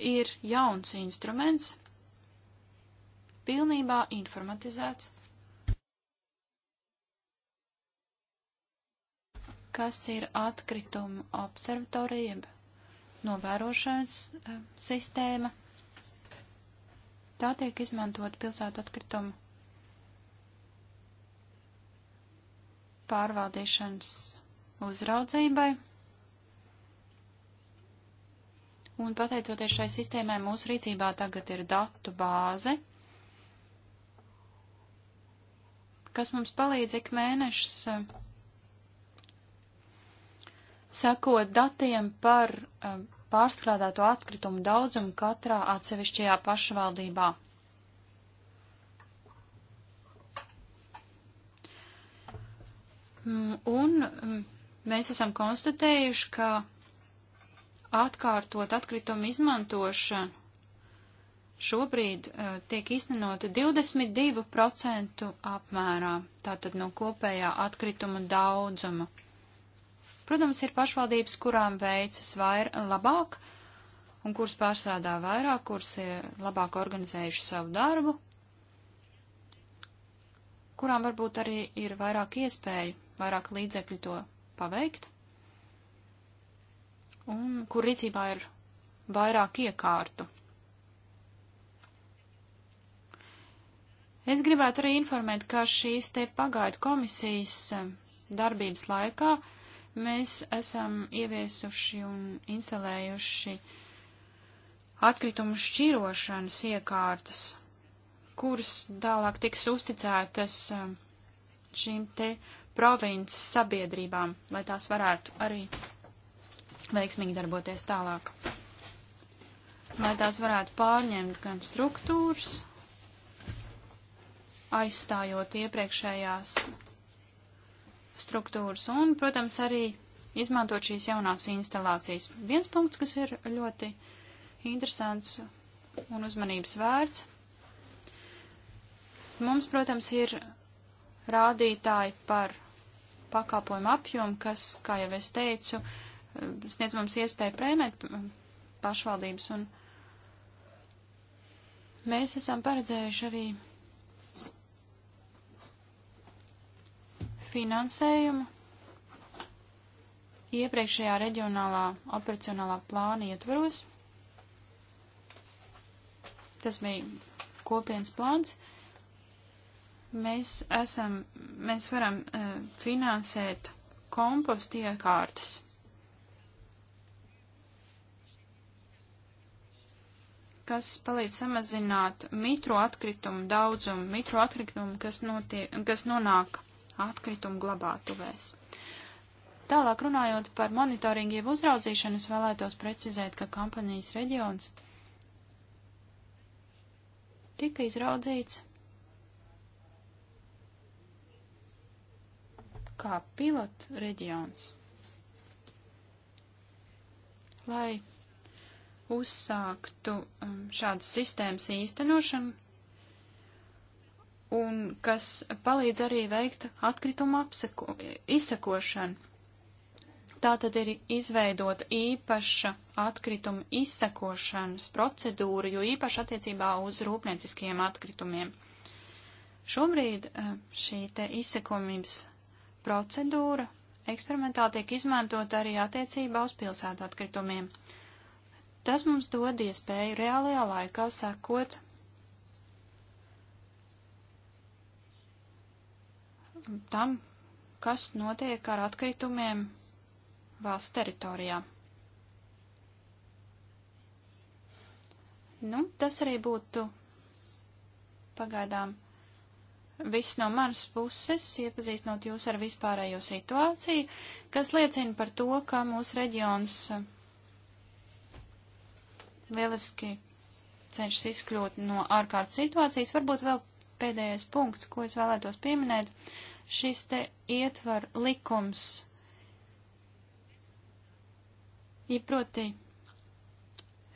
ir jauns instruments, pilnībā informatizēts, kas ir atkrituma observatorija, novērošanas e, sistēma. Tā tiek izmantot pilsētu atkritumu pārvaldīšanas uzraudzībai. Un pateicoties šai sistēmai, mūsu rīcībā tagad ir datu bāze, kas mums palīdz ik mēnešus eh, sekot datiem par eh, pārstrādāto atkritumu daudzumu katrā atsevišķajā pašvaldībā. Mm, un mm, mēs esam konstatējuši, ka atkārtot atkritumu izmantošanu. Šobrīd uh, tiek iztenota 22% apmērā, tātad no kopējā atkrituma daudzuma. Protams, ir pašvaldības, kurām veicas vair labāk un kuras pārstrādā vairāk, kuras ir labāk organizējuši savu darbu, kurām varbūt arī ir vairāk iespēju, vairāk līdzekļu to paveikt un kur rīcībā ir vairāk iekārtu. Es gribētu arī informēt, ka šīs te pagaidu komisijas eh, darbības laikā mēs esam ieviesuši un instalējuši atkritumu šķirošanas iekārtas, kuras tālāk tiks uzticētas eh, šīm te provinces sabiedrībām, lai tās varētu arī veiksmīgi darboties tālāk. Lai tās varētu pārņemt gan struktūras, aizstājot iepriekšējās struktūras un, protams, arī izmantot šīs jaunās instalācijas. Viens punkts, kas ir ļoti interesants un uzmanības vērts. Mums, protams, ir rādītāji par pakalpojumu apjomu, kas, kā jau es teicu, sniedz mums iespēju prēmēt pašvaldības, un mēs esam paredzējuši arī finansējumu iepriekšējā reģionālā operacionālā plāna ietvaros. Tas bija kopienas plāns. Mēs esam, mēs varam uh, finansēt kompostu iekārtas kas palīdz samazināt mitro atkritumu daudzumu, mitro atkritumu, kas, notiek, kas nonāk atkritumu glabātuvēs. Tālāk runājot par monitoringu jeb uzraudzīšanu, es vēlētos precizēt, ka kampanijas reģions tika izraudzīts kā pilota reģions, lai uzsāktu um, šādas sistēmas īstenošanu un kas palīdz arī veikt atkritumu apseko, izsekošanu. Tā tad ir izveidota īpaša atkrituma izsekošanas procedūra, jo īpaši attiecībā uz rūpnieciskiem atkritumiem. Šobrīd um, šī te izsekomības procedūra eksperimentā tiek izmantota arī attiecībā uz pilsētu atkritumiem. Tas mums dod iespēju reālajā laikā sekot tam, kas notiek ar atkritumiem valsts teritorijā. Nu, tas arī būtu pagaidām viss no manas puses, iepazīstinot jūs ar vispārējo situāciju, kas liecina par to, ka mūsu reģions lieliski cenšas izkļūt no ārkārtas situācijas. Varbūt vēl pēdējais punkts, ko es vēlētos pieminēt, šis te ietvar likums. Īproti,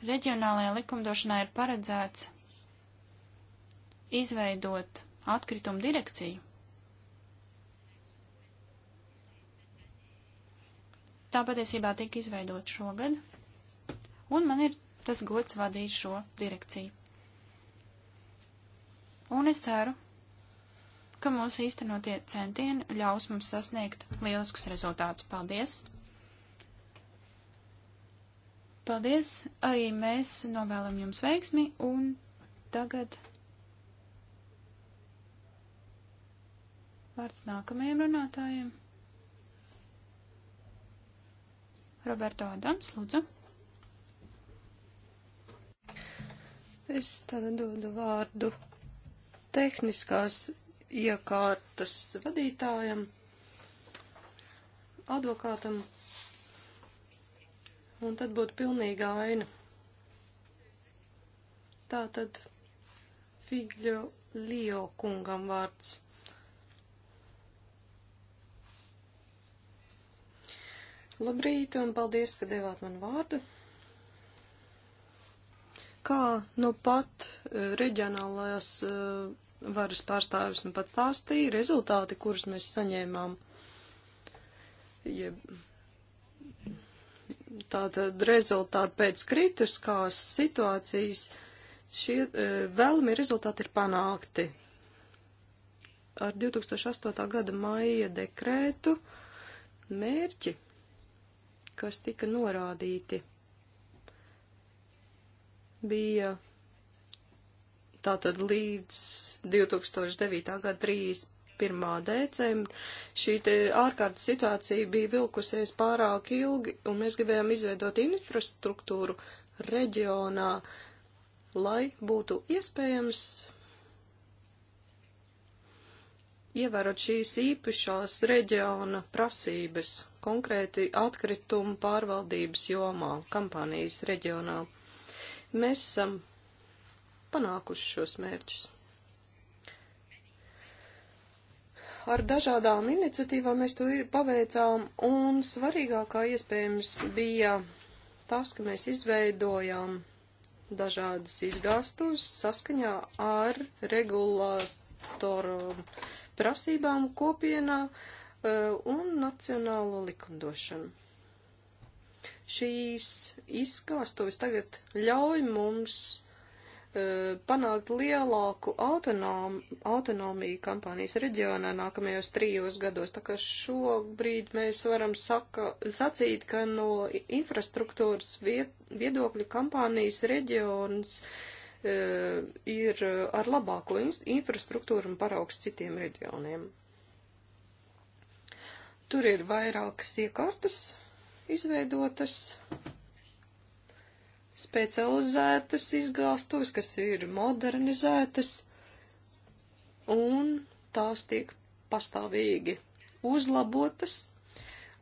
reģionālajā likumdošanā ir paredzēts izveidot atkritumu direkciju. Tā patiesībā tika izveidot šogad, un man ir tas gods vadīt šo direkciju. Un es ceru, ka mūsu īstenotie centieni ļaus mums sasniegt lieliskus rezultātus. Paldies! Paldies! Arī mēs novēlam jums veiksmi un tagad vārds nākamajiem runātājiem. Roberto Adams, lūdzu. Es tagad dodu vārdu tehniskās iekārtas vadītājam, advokātam, un tad būtu pilnīga aina. Tātad Figļo Lio kungam vārds. Labrīt un paldies, ka devāt man vārdu kā nu pat e, reģionālās e, varas pārstāvis nu pat stāstīja, rezultāti, kurus mēs saņēmām. Ja tātad rezultāti pēc kritiskās situācijas, šie e, vēlami rezultāti ir panākti. Ar 2008. gada maija dekrētu mērķi, kas tika norādīti bija tātad līdz 2009. gada 31. decembra. Šī ārkārtas situācija bija vilkusies pārāk ilgi, un mēs gribējām izveidot infrastruktūru reģionā, lai būtu iespējams ievērot šīs īpašās reģiona prasības, konkrēti atkritumu pārvaldības jomā, kampānijas reģionā. Mēs esam panākuši šos mērķus. Ar dažādām iniciatīvām mēs to paveicām, un svarīgākā iespējams bija tas, ka mēs izveidojām dažādas izgāstus saskaņā ar regulātoru prasībām kopienā eh, un nacionālo likumdošanu. Šīs izkāstuves tagad ļauj mums e, panākt lielāku autonom, autonomiju kampānijas reģionā nākamajos trijos gados. Tā kā šobrīd mēs varam saka, sacīt, ka no infrastruktūras viet, viedokļu kampānijas reģions e, ir ar labāko infrastruktūru un paraugs citiem reģioniem. Tur ir vairākas iekārtas, izveidotas specializētas izgāstuves, kas ir modernizētas, un tās tiek pastāvīgi uzlabotas,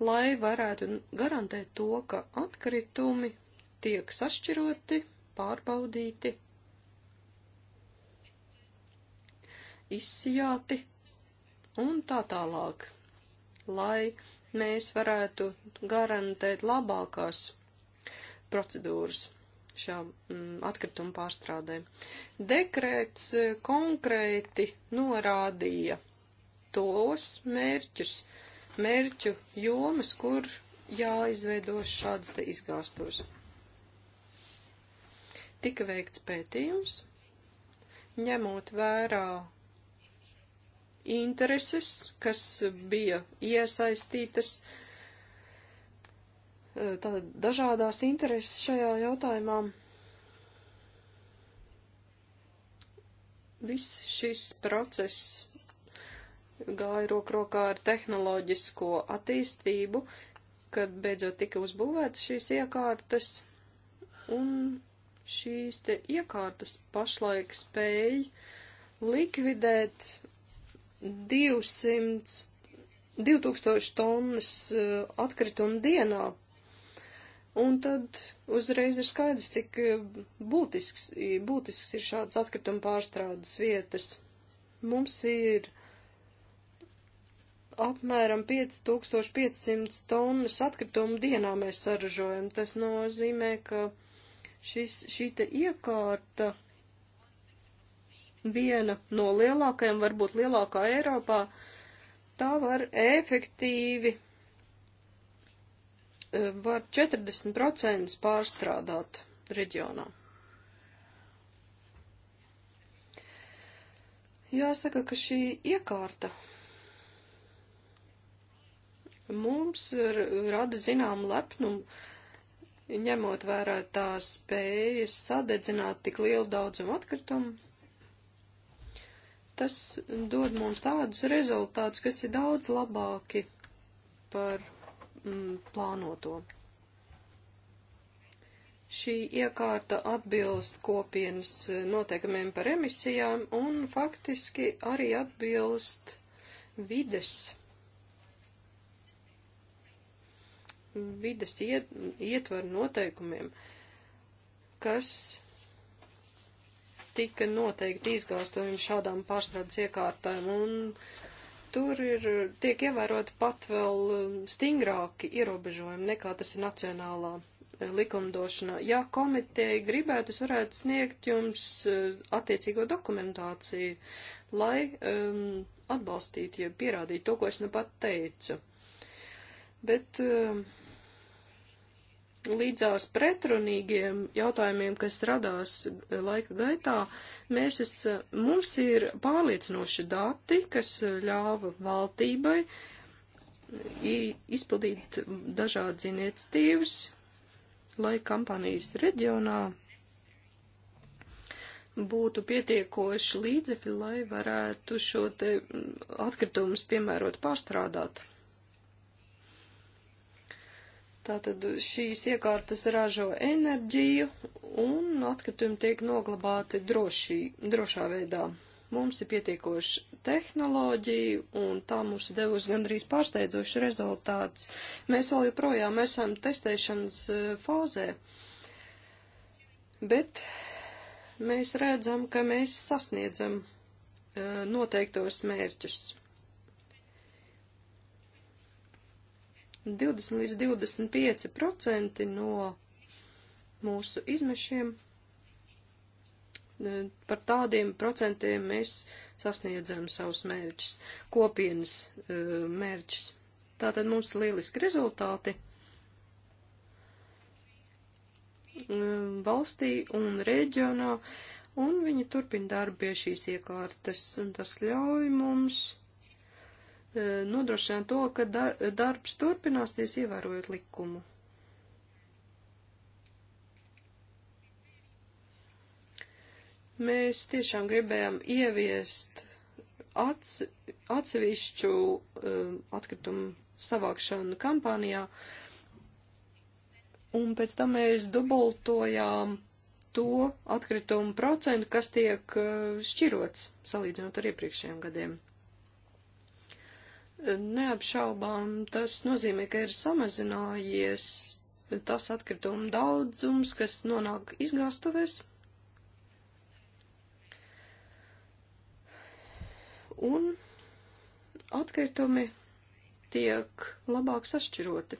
lai varētu garantēt to, ka atkritumi tiek sašķiroti, pārbaudīti, izsijāti un tā tālāk, lai mēs varētu garantēt labākās procedūras šā mm, atkrituma pārstrādē. Dekrēts eh, konkrēti norādīja tos mērķus, mērķu jomas, kur jāizveido šāds te izgāstos. Tika veikts pētījums, ņemot vērā intereses, kas bija iesaistītas tātad dažādās intereses šajā jautājumā. Viss šis process gāja rokrokā ar tehnoloģisko attīstību, kad beidzot tika uzbūvētas šīs iekārtas, un šīs te iekārtas pašlaik spēj likvidēt 200, 2000 tonnas eh, atkritumu dienā. Un tad uzreiz ir skaidrs, cik eh, būtisks, būtisks ir šāds atkrituma pārstrādes vietas. Mums ir apmēram 5500 tonnas atkritumu dienā mēs saražojam. Tas nozīmē, ka šis, šī te iekārta viena no lielākajām, varbūt lielākā Eiropā, tā var efektīvi, e, var 40% pārstrādāt reģionā. Jāsaka, ka šī iekārta mums rada zinām lepnumu, ņemot vērā tās spējas sadedzināt tik lielu daudzumu atkritumu tas dod mums tādus rezultātus, kas ir daudz labāki par mm, plānoto. Šī iekārta atbilst kopienas noteikumiem par emisijām un faktiski arī atbilst vides, vides iet, ietvaru noteikumiem, kas tika noteikti izgāstojumi šādām pārstrādes iekārtām, un tur ir, tiek ievēroti pat vēl um, stingrāki ierobežojumi nekā tas ir nacionālā eh, likumdošanā. Ja komiteja gribētu, es varētu sniegt jums eh, attiecīgo dokumentāciju, lai um, atbalstītu, ja pierādītu to, ko es nu pat teicu. Bet um, līdzās pretrunīgiem jautājumiem, kas radās eh, laika gaitā, mēs es, eh, mums ir pārliecinoši dati, kas eh, ļāva valdībai izpildīt dažādas iniciatīvas, lai kampanijas reģionā būtu pietiekoši līdzekļi, lai varētu šo te mm, atkritumus piemērot pārstrādāt. Tātad šīs iekārtas ražo enerģiju un atkritumi tiek noglabāti drošī, drošā veidā. Mums ir pietiekoši tehnoloģija un tā mums devusi gandrīz pārsteidzoši rezultāts. Mēs vēl joprojām esam testēšanas e, fāzē, bet mēs redzam, ka mēs sasniedzam e, noteiktos mērķus. 20 līdz 25 procenti no mūsu izmešiem. Eh, par tādiem procentiem mēs sasniedzam savus mērķus, kopienas eh, mērķus. Tātad mums ir lieliski rezultāti eh, valstī un reģionā, un viņi turpina darbu pie šīs iekārtas, un tas ļauj mums nodrošināt to, ka darbs turpināsies ievērojot likumu. Mēs tiešām gribējām ieviest atsevišķu um, atkritumu savākšanu kampānijā, un pēc tam mēs dubultojām to atkritumu procentu, kas tiek uh, šķirots, salīdzinot ar iepriekšējiem gadiem. Neapšaubām tas nozīmē, ka ir samazinājies tas atkritumu daudzums, kas nonāk izgāstuvēs. Un atkritumi tiek labāk sašķiroti.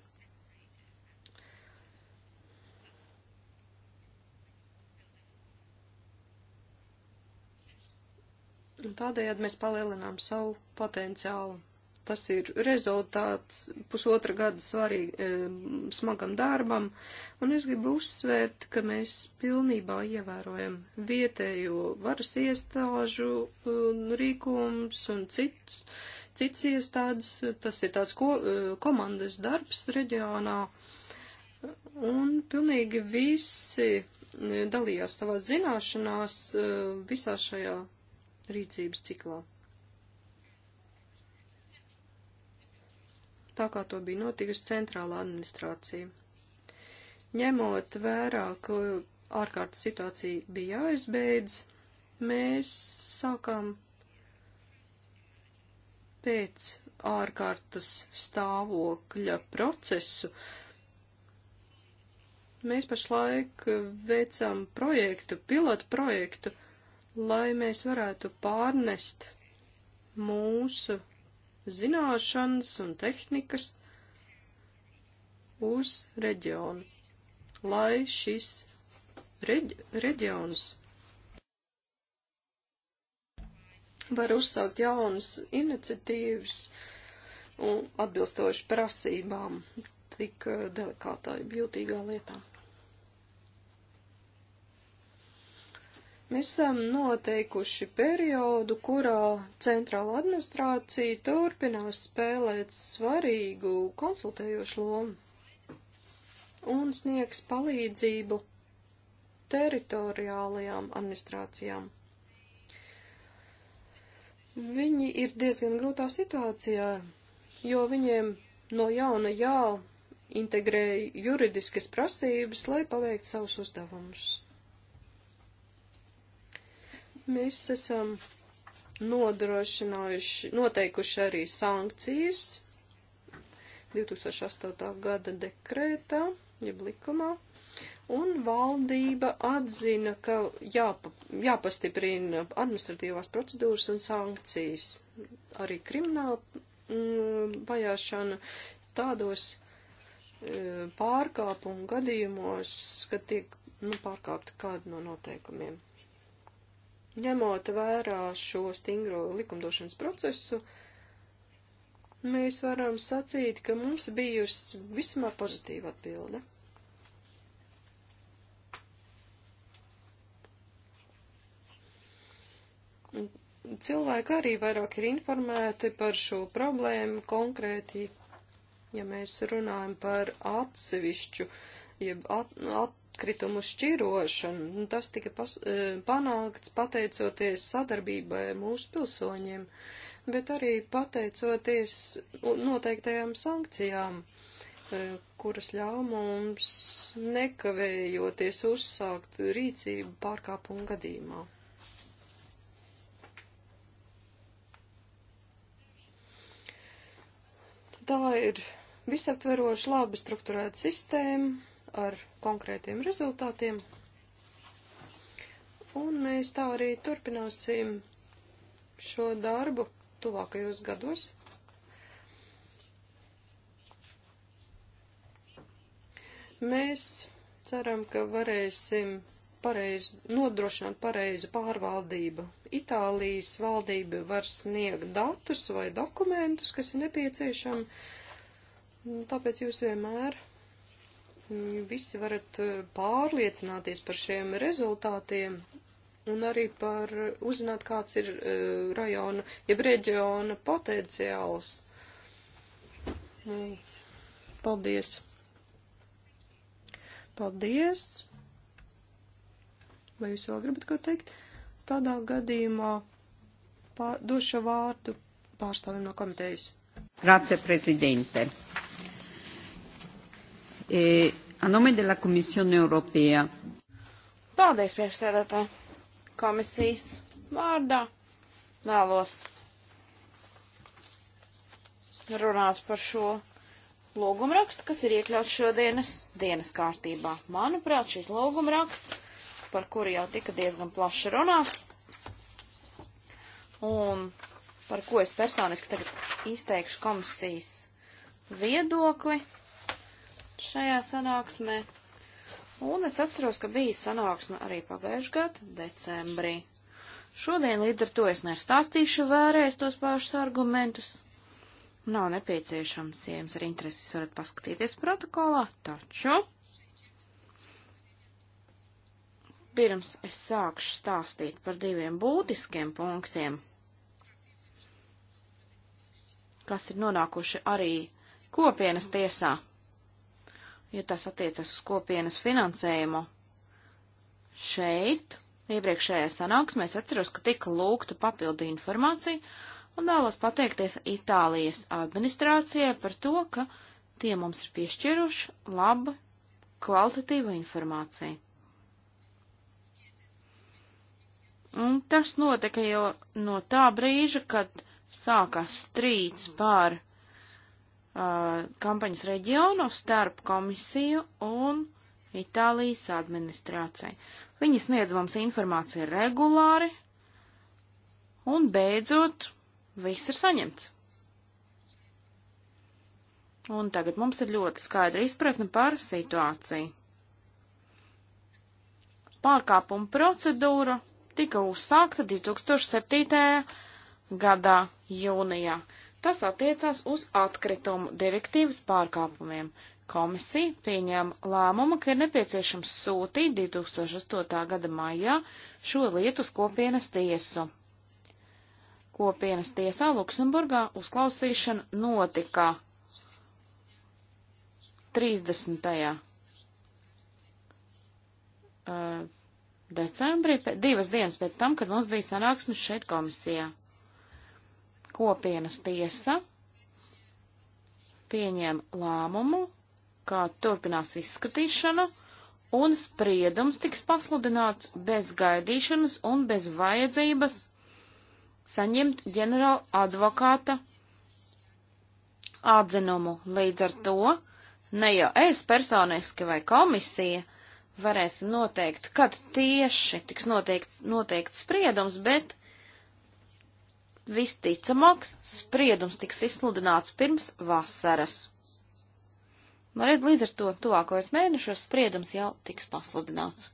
Un tādējādi mēs palielinām savu potenciālu. Tas ir rezultāts pusotra gada svarīgi, e, smagam darbam, un es gribu uzsvērt, ka mēs pilnībā ievērojam vietējo varas iestāžu un rīkums un citus, cits iestādes. Tas ir tāds ko, e, komandas darbs reģionā, un pilnīgi visi e, dalījās savā zināšanās e, visā šajā rīcības ciklā. tā kā to bija notikusi centrāla administrācija. Ņemot vērā, ka ārkārtas situācija bija jāizbeidz, mēs sākām pēc ārkārtas stāvokļa procesu. Mēs pašlaik veicam projektu, pilotu projektu, lai mēs varētu pārnest mūsu zināšanas un tehnikas uz reģionu, lai šis reģ reģions var uzsākt jaunas iniciatīvas un atbilstoši prasībām tik eh, delikātā, jūtīgā lietā. Mēs esam noteikuši periodu, kurā centrāla administrācija turpinās spēlēt svarīgu konsultējošu lomu un sniegs palīdzību teritoriālajām administrācijām. Viņi ir diezgan grūtā situācijā, jo viņiem no jauna jāintegrē juridiskas prasības, lai paveiktu savus uzdevumus. Mēs esam nodrošinājuši, noteikuši arī sankcijas 2008. gada dekrētā, jeb likumā, un valdība atzina, ka jāpa, jāpastiprina administratīvās procedūras un sankcijas, arī krimināla mm, vajāšana tādos e, pārkāpumu gadījumos, kad tiek nu, pārkāpta kāda no noteikumiem. Ņemot vērā šo stingro likumdošanas procesu, mēs varam sacīt, ka mums bijusi vismā pozitīva atbilde. Cilvēki arī vairāk ir informēti par šo problēmu konkrēti, ja mēs runājam par atsevišķu, jeb at, at, atkritumu šķirošanu. Un nu, tas tika pas, e, panākts pateicoties sadarbībai mūsu pilsoņiem, bet arī pateicoties noteiktajām sankcijām, e, kuras ļauj mums nekavējoties uzsākt rīcību pārkāpumu gadījumā. Tā ir visaptveroša, labi strukturēta sistēma, ar konkrētiem rezultātiem. Un mēs tā arī turpināsim šo darbu tuvākajos gados. Mēs ceram, ka varēsim pareiz, nodrošināt pareizu pārvaldību. Itālijas valdība var sniegt datus vai dokumentus, kas ir nepieciešami, tāpēc jūs vienmēr Mm, visi varat eh, pārliecināties par šiem rezultātiem un arī par uzzināt, kāds ir eh, rajona, jeb reģiona potenciāls. Mm, paldies! Paldies! Vai jūs vēl gribat ko teikt? Tādā gadījumā pār, došu vārdu pārstāvim no komitejas. Grazie, prezidente! E, a nome della Commissione europea. Paldies, priekšsēdētāji. Komisijas vārdā vēlos runāt par šo lūgumrakstu, kas ir iekļauts šodienas dienas kārtībā. Manuprāt, šis lūgumraksts, par kuru jau tika diezgan plaši runāts, un par ko es personiski tagad izteikšu komisijas viedokli, šajā sanāksmē. Un es atceros, ka bija sanāksme arī pagājušajā gadā, decembrī. Šodien līdz ar to es nestāstīšu vēlreiz tos pašus argumentus. Nav nepieciešams, ja jums ir interesi, jūs varat paskatīties protokolā, taču pirms es sākšu stāstīt par diviem būtiskiem punktiem, kas ir nonākuši arī kopienas tiesā ja tas attiecas uz kopienas finansējumu. Šeit, iepriekšējā sanāksmē, es atceros, ka tika lūgta papildu informācija un vēlos pateikties Itālijas administrācijai par to, ka tie mums ir piešķiruši labu kvalitatīvu informāciju. Un tas notika jau no tā brīža, kad sākās strīds pār uh, kampaņas reģionu starp komisiju un Itālijas administrāciju. Viņi sniedz mums informāciju regulāri, un beidzot viss ir saņemts. Un tagad mums ir ļoti skaidra izpratne par situāciju. Pārkāpuma procedūra tika uzsākta 2007. gadā jūnijā. Tas attiecās uz atkritumu direktīvas pārkāpumiem. Komisija pieņēma lēmumu, ka ir nepieciešams sūtīt 2008. gada maijā šo lietu uz kopienas tiesu. Kopienas tiesā Luksemburgā uzklausīšana notika 30. Eh, decembrī, divas dienas pēc tam, kad mums bija sanāksmes šeit komisijā kopienas tiesa pieņēma lēmumu, ka turpinās izskatīšana un spriedums tiks pasludināts bez gaidīšanas un bez vajadzības saņemt ģenerāla advokāta atzinumu. Līdz ar to ne jau es personiski vai komisija varēsim noteikt, kad tieši tiks noteikts, noteikts spriedums, bet visticamāk spriedums tiks izsludināts pirms vasaras. Nu, redz, līdz ar to tuvākajos mēnešos spriedums jau tiks pasludināts.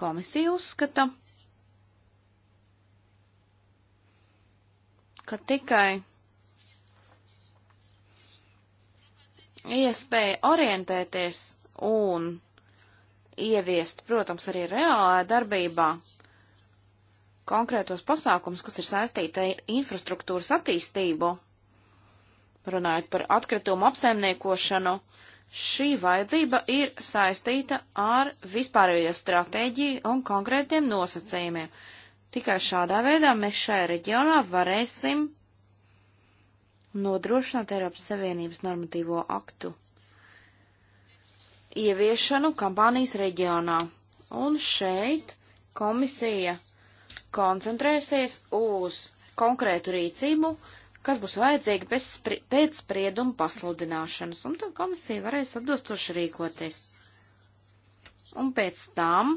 Komisija uzskata, ka tikai iespēja orientēties un ieviest, protams, arī reālā darbībā konkrētos pasākums, kas ir saistīti ar infrastruktūras attīstību, runājot par atkritumu apsaimniekošanu, šī vajadzība ir saistīta ar vispārējo stratēģiju un konkrētiem nosacījumiem. Tikai šādā veidā mēs šajā reģionā varēsim nodrošināt Eiropas Savienības normatīvo aktu ieviešanu kampānijas reģionā. Un šeit komisija koncentrēsies uz konkrētu rīcību, kas būs vajadzīga spri pēc sprieduma pasludināšanas, un tad komisija varēs atbilstoši rīkoties. Un pēc tam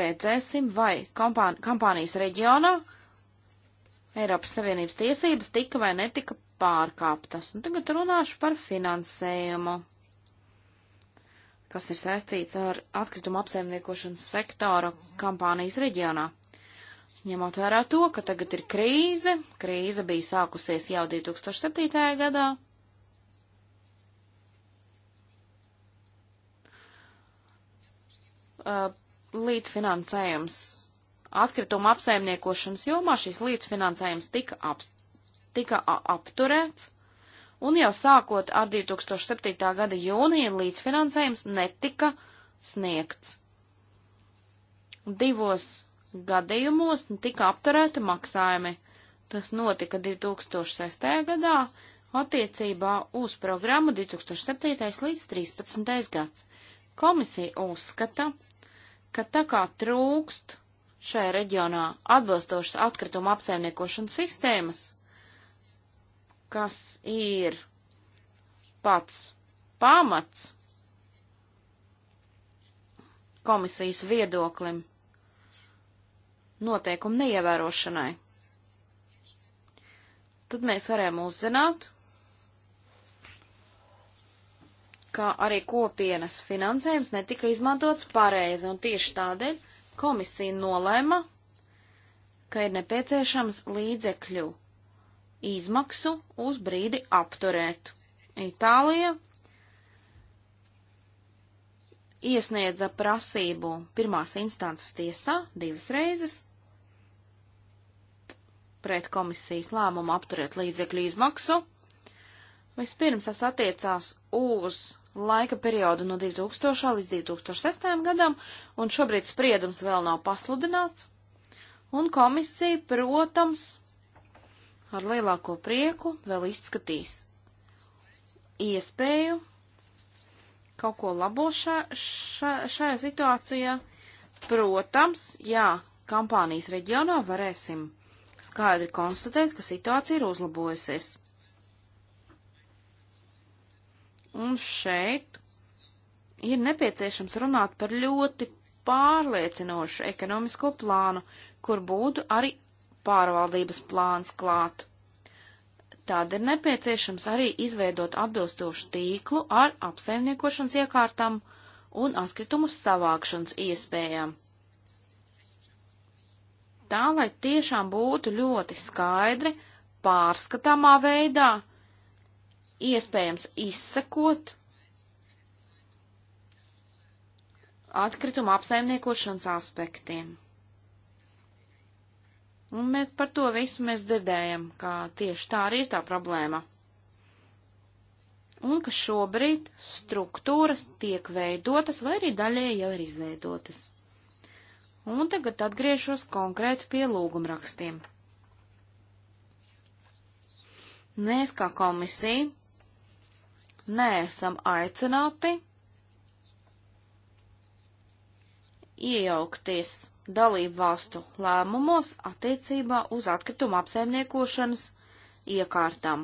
redzēsim, vai kompān kampānijas reģionā Eiropas Savienības tiesības tika vai netika pārkāptas. Un tagad runāšu par finansējumu kas ir saistīts ar atkritumu apsaimniekošanas sektora kampānijas reģionā. Ņemot vērā to, ka tagad ir krīze, krīze bija sākusies jau 2007. gadā, līdzfinansējums atkrituma apsaimniekošanas jomā šis līdzfinansējums tika, ap, tika apturēts, un jau sākot ar 2007. gada jūniju līdzfinansējums netika sniegts. Divos gadījumos tika apturēti maksājumi. Tas notika 2006. gadā attiecībā uz programmu 2007. līdz 2013. gads. Komisija uzskata, ka tā kā trūkst šajā reģionā atbilstošas atkrituma apsaimniekošanas sistēmas, kas ir pats pamats komisijas viedoklim noteikumu neievērošanai. Tad mēs varējām uzzināt, ka arī kopienas finansējums netika izmantots pareizi, un tieši tādēļ komisija nolēma, ka ir nepieciešams līdzekļu izmaksu uz brīdi apturēt. Itālija iesniedza prasību pirmās instances tiesā divas reizes pret komisijas lēmumu apturēt līdzekļu izmaksu. Vispirms tas attiecās uz laika periodu no 2000 līdz 2006 gadam, un šobrīd spriedums vēl nav pasludināts. Un komisija, protams, ar lielāko prieku vēl izskatīs iespēju kaut ko labo šā, šā, šajā situācijā. Protams, jā, kampānijas reģionā varēsim skaidri konstatēt, ka situācija ir uzlabojusies. Un šeit ir nepieciešams runāt par ļoti pārliecinošu ekonomisko plānu, kur būtu arī pārvaldības plāns klāt. Tad ir nepieciešams arī izveidot atbilstošu tīklu ar apsaimniekošanas iekārtām un atkritumu savākšanas iespējām. Tā, lai tiešām būtu ļoti skaidri, pārskatāmā veidā, iespējams izsekot atkrituma apsaimniekošanas aspektiem. Un mēs par to visu mēs dzirdējam, ka tieši tā arī ir tā problēma. Un ka šobrīd struktūras tiek veidotas vai arī daļēji jau ir izveidotas. Un tagad atgriežos konkrēti pie lūgumrakstiem. Mēs kā komisija neesam aicināti iejaukties dalību valstu lēmumos attiecībā uz atkritumu apsaimniekošanas iekārtām.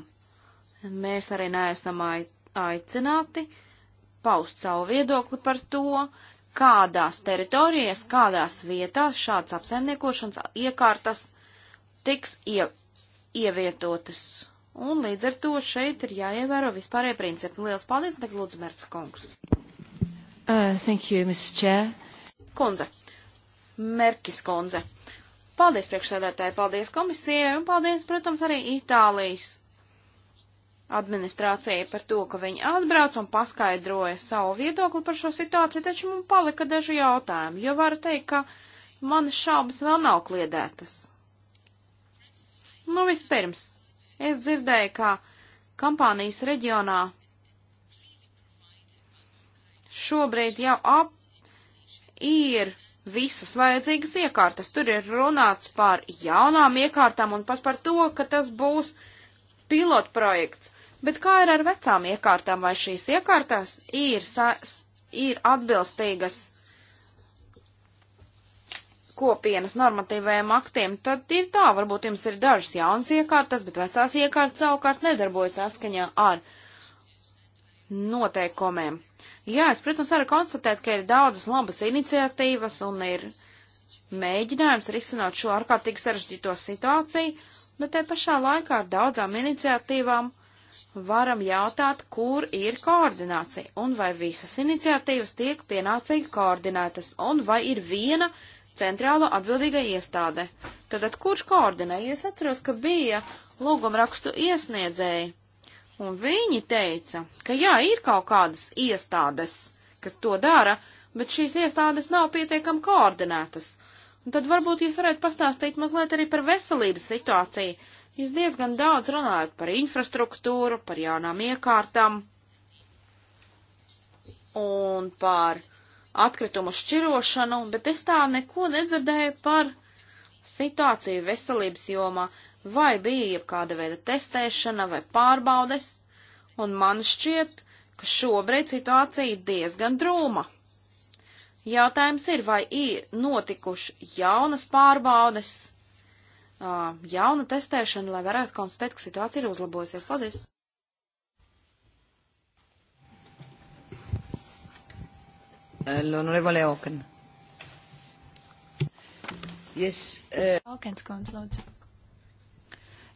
Mēs arī neesam aicināti paust savu viedokli par to, kādās teritorijās, kādās vietās šāds apsaimniekošanas iekārtas tiks ie, ievietotas. Un līdz ar to šeit ir jāievēro vispārējie principi. Lielas paldies, tagad lūdzu, Mērts kungs. Uh, thank you, Mr. Chair. Kundze. Merkis kundze. Paldies priekšsēdētāji, paldies komisijai un paldies, protams, arī Itālijas administrācijai par to, ka viņi atbrauc un paskaidroja savu viedokli par šo situāciju, taču man palika daži jautājumi, jo varu teikt, ka manas šaubas vēl nav kliedētas. Nu, vispirms, es dzirdēju, ka kampānijas reģionā šobrīd jau ap ir visas vajadzīgas iekārtas. Tur ir runāts par jaunām iekārtām un pat par to, ka tas būs pilotprojekts. Bet kā ir ar vecām iekārtām? Vai šīs iekārtas ir, ir atbilstīgas kopienas normatīvajiem aktiem? Tad ir tā, varbūt jums ir dažas jaunas iekārtas, bet vecās iekārtas savukārt nedarbojas saskaņā ar noteikumiem. Jā, es, protams, varu konstatēt, ka ir daudzas labas iniciatīvas un ir mēģinājums risināt šo ārkārtīgi sarežģīto situāciju, bet te pašā laikā ar daudzām iniciatīvām varam jautāt, kur ir koordinācija un vai visas iniciatīvas tiek pienācīgi koordinētas un vai ir viena centrāla atbildīga iestāde. Tātad kurš koordinē? Es atceros, ka bija lūgumrakstu iesniedzēji Un viņi teica, ka jā, ir kaut kādas iestādes, kas to dara, bet šīs iestādes nav pietiekami koordinētas. Un tad varbūt jūs varētu pastāstīt mazliet arī par veselības situāciju. Jūs diezgan daudz runājat par infrastruktūru, par jaunām iekārtām un par atkritumu šķirošanu, bet es tā neko nedzirdēju par situāciju veselības jomā vai bija jebkāda veida testēšana vai pārbaudes, un man šķiet, ka šobrīd situācija diezgan drūma. Jautājums ir, vai ir notikuši jaunas pārbaudes, jauna testēšana, lai varētu konstatēt, ka situācija ir uzlabojusies. Paldies! Eh, l'onorevole Oken. Yes. Uh... Eh. Okens, kundze, lūdzu.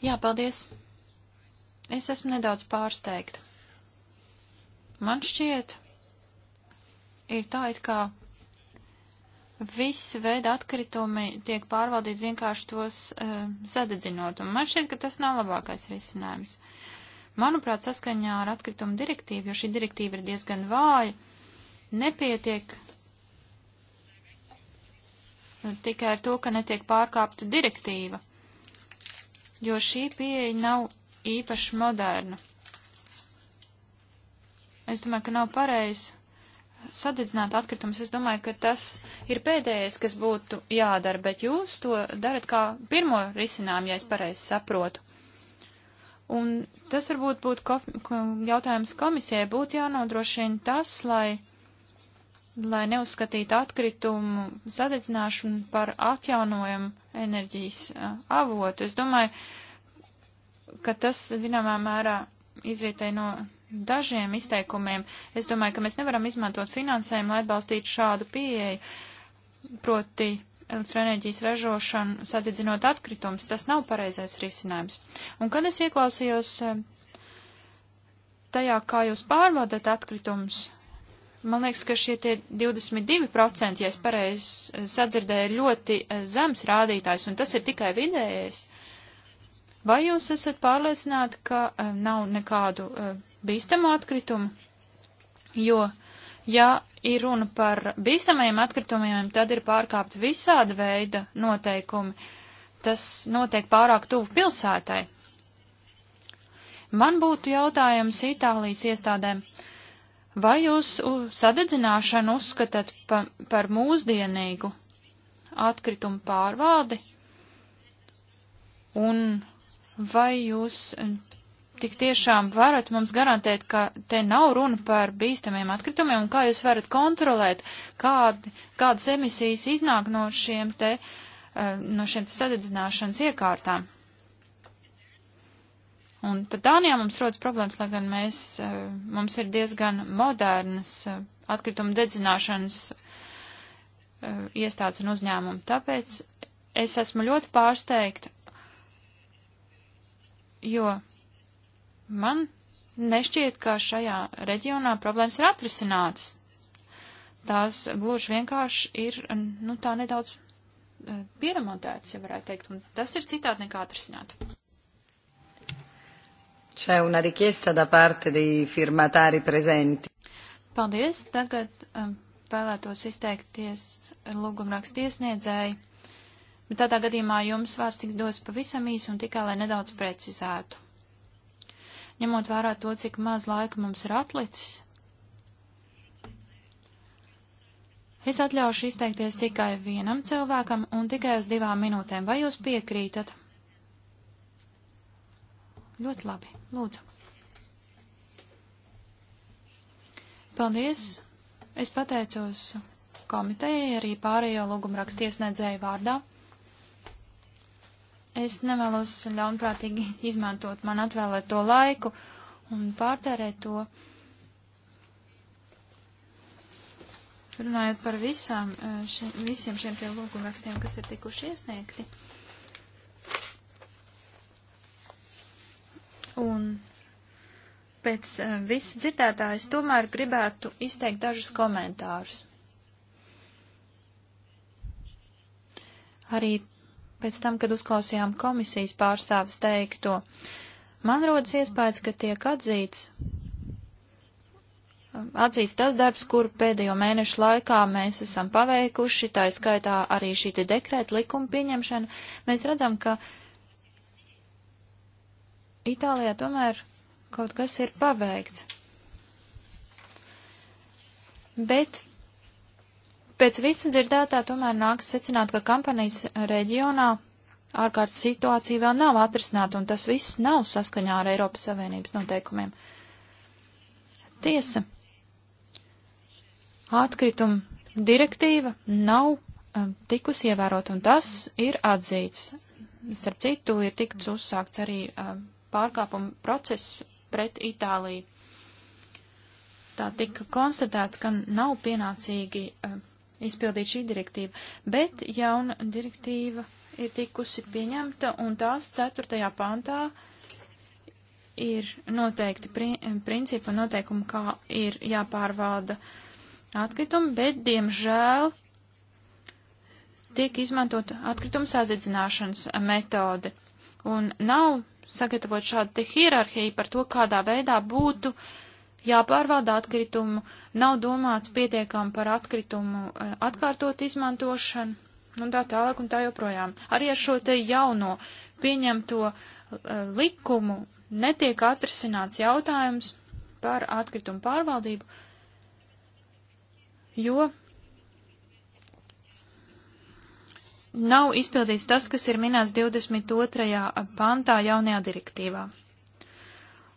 Jā, paldies. Es esmu nedaudz pārsteigta. Man šķiet, ir tā, it kā visi veidi atkritumi tiek pārvaldīti vienkārši tos uh, sadedzinot, un man šķiet, ka tas nav labākais risinājums. Manuprāt, saskaņā ar atkritumu direktīvu, jo šī direktīva ir diezgan vāja, nepietiek tikai ar to, ka netiek pārkāpta direktīva jo šī pieeja nav īpaši moderna. Es domāju, ka nav pareizi sadedzināt atkritumus. Es domāju, ka tas ir pēdējais, kas būtu jādara, bet jūs to darat kā pirmo risinājumu, ja es pareizi saprotu. Un tas varbūt būtu ko, ko, jautājums komisijai, būtu jānodrošina tas, lai, lai neuzskatītu atkritumu sadedzināšanu par atjaunojumu enerģijas uh, avotu. Es domāju, ka tas, zināmā mērā, izrietēja no dažiem izteikumiem. Es domāju, ka mēs nevaram izmantot finansējumu, lai atbalstītu šādu pieeju, proti elektroenerģijas ražošanu, sadedzinot atkritumus. Tas nav pareizais risinājums. Un kad es ieklausījos tajā, kā jūs pārvaldat atkritumus, Man liekas, ka šie 22%, ja es pareizi sadzirdēju, ļoti e, zems rādītājs, un tas ir tikai vidējais. Vai jūs esat pārliecināti, ka uh, nav nekādu uh, bīstamu atkritumu? Jo, ja ir runa par bīstamajiem atkritumiem, tad ir pārkāpta visāda veida noteikumi. Tas notiek pārāk tuvu pilsētai. Man būtu jautājums Itālijas iestādēm. Uh, Vai jūs sadedzināšanu uzskatāt pa, par mūsdienīgu atkritumu pārvaldi? Un vai jūs e, tik tiešām varat mums garantēt, ka te nav runa par bīstamiem atkritumiem un kā jūs varat kontrolēt, kād, kādas emisijas iznāk no šiem te, e, no šiem te sadedzināšanas iekārtām? Un pat Dānijā mums rodas problēmas, lai gan mēs, eh, mums ir diezgan modernas eh, atkrituma dedzināšanas eh, iestādes un uzņēmumi. Tāpēc es esmu ļoti pārsteigta, jo man nešķiet, ka šajā reģionā problēmas ir atrisinātas. Tās gluži vienkārši ir, nu, tā nedaudz pieramontētas, ja varētu teikt, un tas ir citādi nekā atrisināt. C'è una richiesta da parte dei firmatari presenti. Paldies. Tagad um, vēlētos izteikties lūgumrakstu iesniedzēji. Bet tādā gadījumā jums vārds tiks dos pavisam īsi un tikai, lai nedaudz precizētu. Ņemot vērā to, cik maz laika mums ir atlicis, es atļaušu izteikties tikai vienam cilvēkam un tikai uz divām minūtēm. Vai jūs piekrītat? Ļoti labi. Lūdzu. Paldies. Es pateicos komitejai arī pārējo lūgumrakstu iesniedzēju vārdā. Es nevēlos ļaunprātīgi izmantot man atvēlēto laiku un pārtērēt to. runājot par visām, eh, še, visiem šiem tie lūgumrakstiem, kas ir tikuši iesniegti, pēc eh, viss dzirdētājs tomēr gribētu izteikt dažus komentārus. Arī pēc tam, kad uzklausījām komisijas pārstāvis teikto, man rodas iespējas, ka tiek atzīts, atzīts tas darbs, kuru pēdējo mēnešu laikā mēs esam paveikuši, tā skaitā arī šī te dekrēta likuma pieņemšana. Mēs redzam, ka Itālijā tomēr kaut kas ir paveikts. Bet pēc visa dzirdētā tomēr nāks secināt, ka kampanijas reģionā ārkārtas situācija vēl nav atrisināta, un tas viss nav saskaņā ar Eiropas Savienības noteikumiem. Tiesa, atkrituma direktīva nav um, tikusi ievērot, un tas ir atzīts. Starp citu, ir tikts uzsākts arī um, pārkāpuma process pret Itāliju. Tā tika konstatēts, ka nav pienācīgi uh, izpildīt šī direktīva, bet jauna direktīva ir tikusi pieņemta un tās ceturtajā pantā ir noteikti pri principi un noteikumi, kā ir jāpārvalda atkritumi, bet, diemžēl, tiek izmantot atkritums sadedzināšanas metode. Un nav sagatavot šādu te hierarhiju par to, kādā veidā būtu jāpārvalda atkritumu, nav domāts pietiekami par atkritumu e, atkārtot izmantošanu, un nu, tā tālāk un tā joprojām. Arī ar šo te jauno pieņemto e, likumu netiek atrisināts jautājums par atkritumu pārvaldību, jo nav izpildīts tas, kas ir minēts 22. pantā jaunajā direktīvā.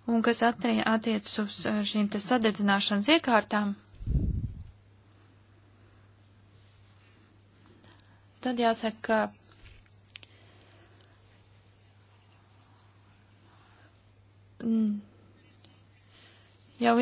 Un kas attiecas uz eh, šīm te sadedzināšanas iekārtām, tad jāsaka, ka mm,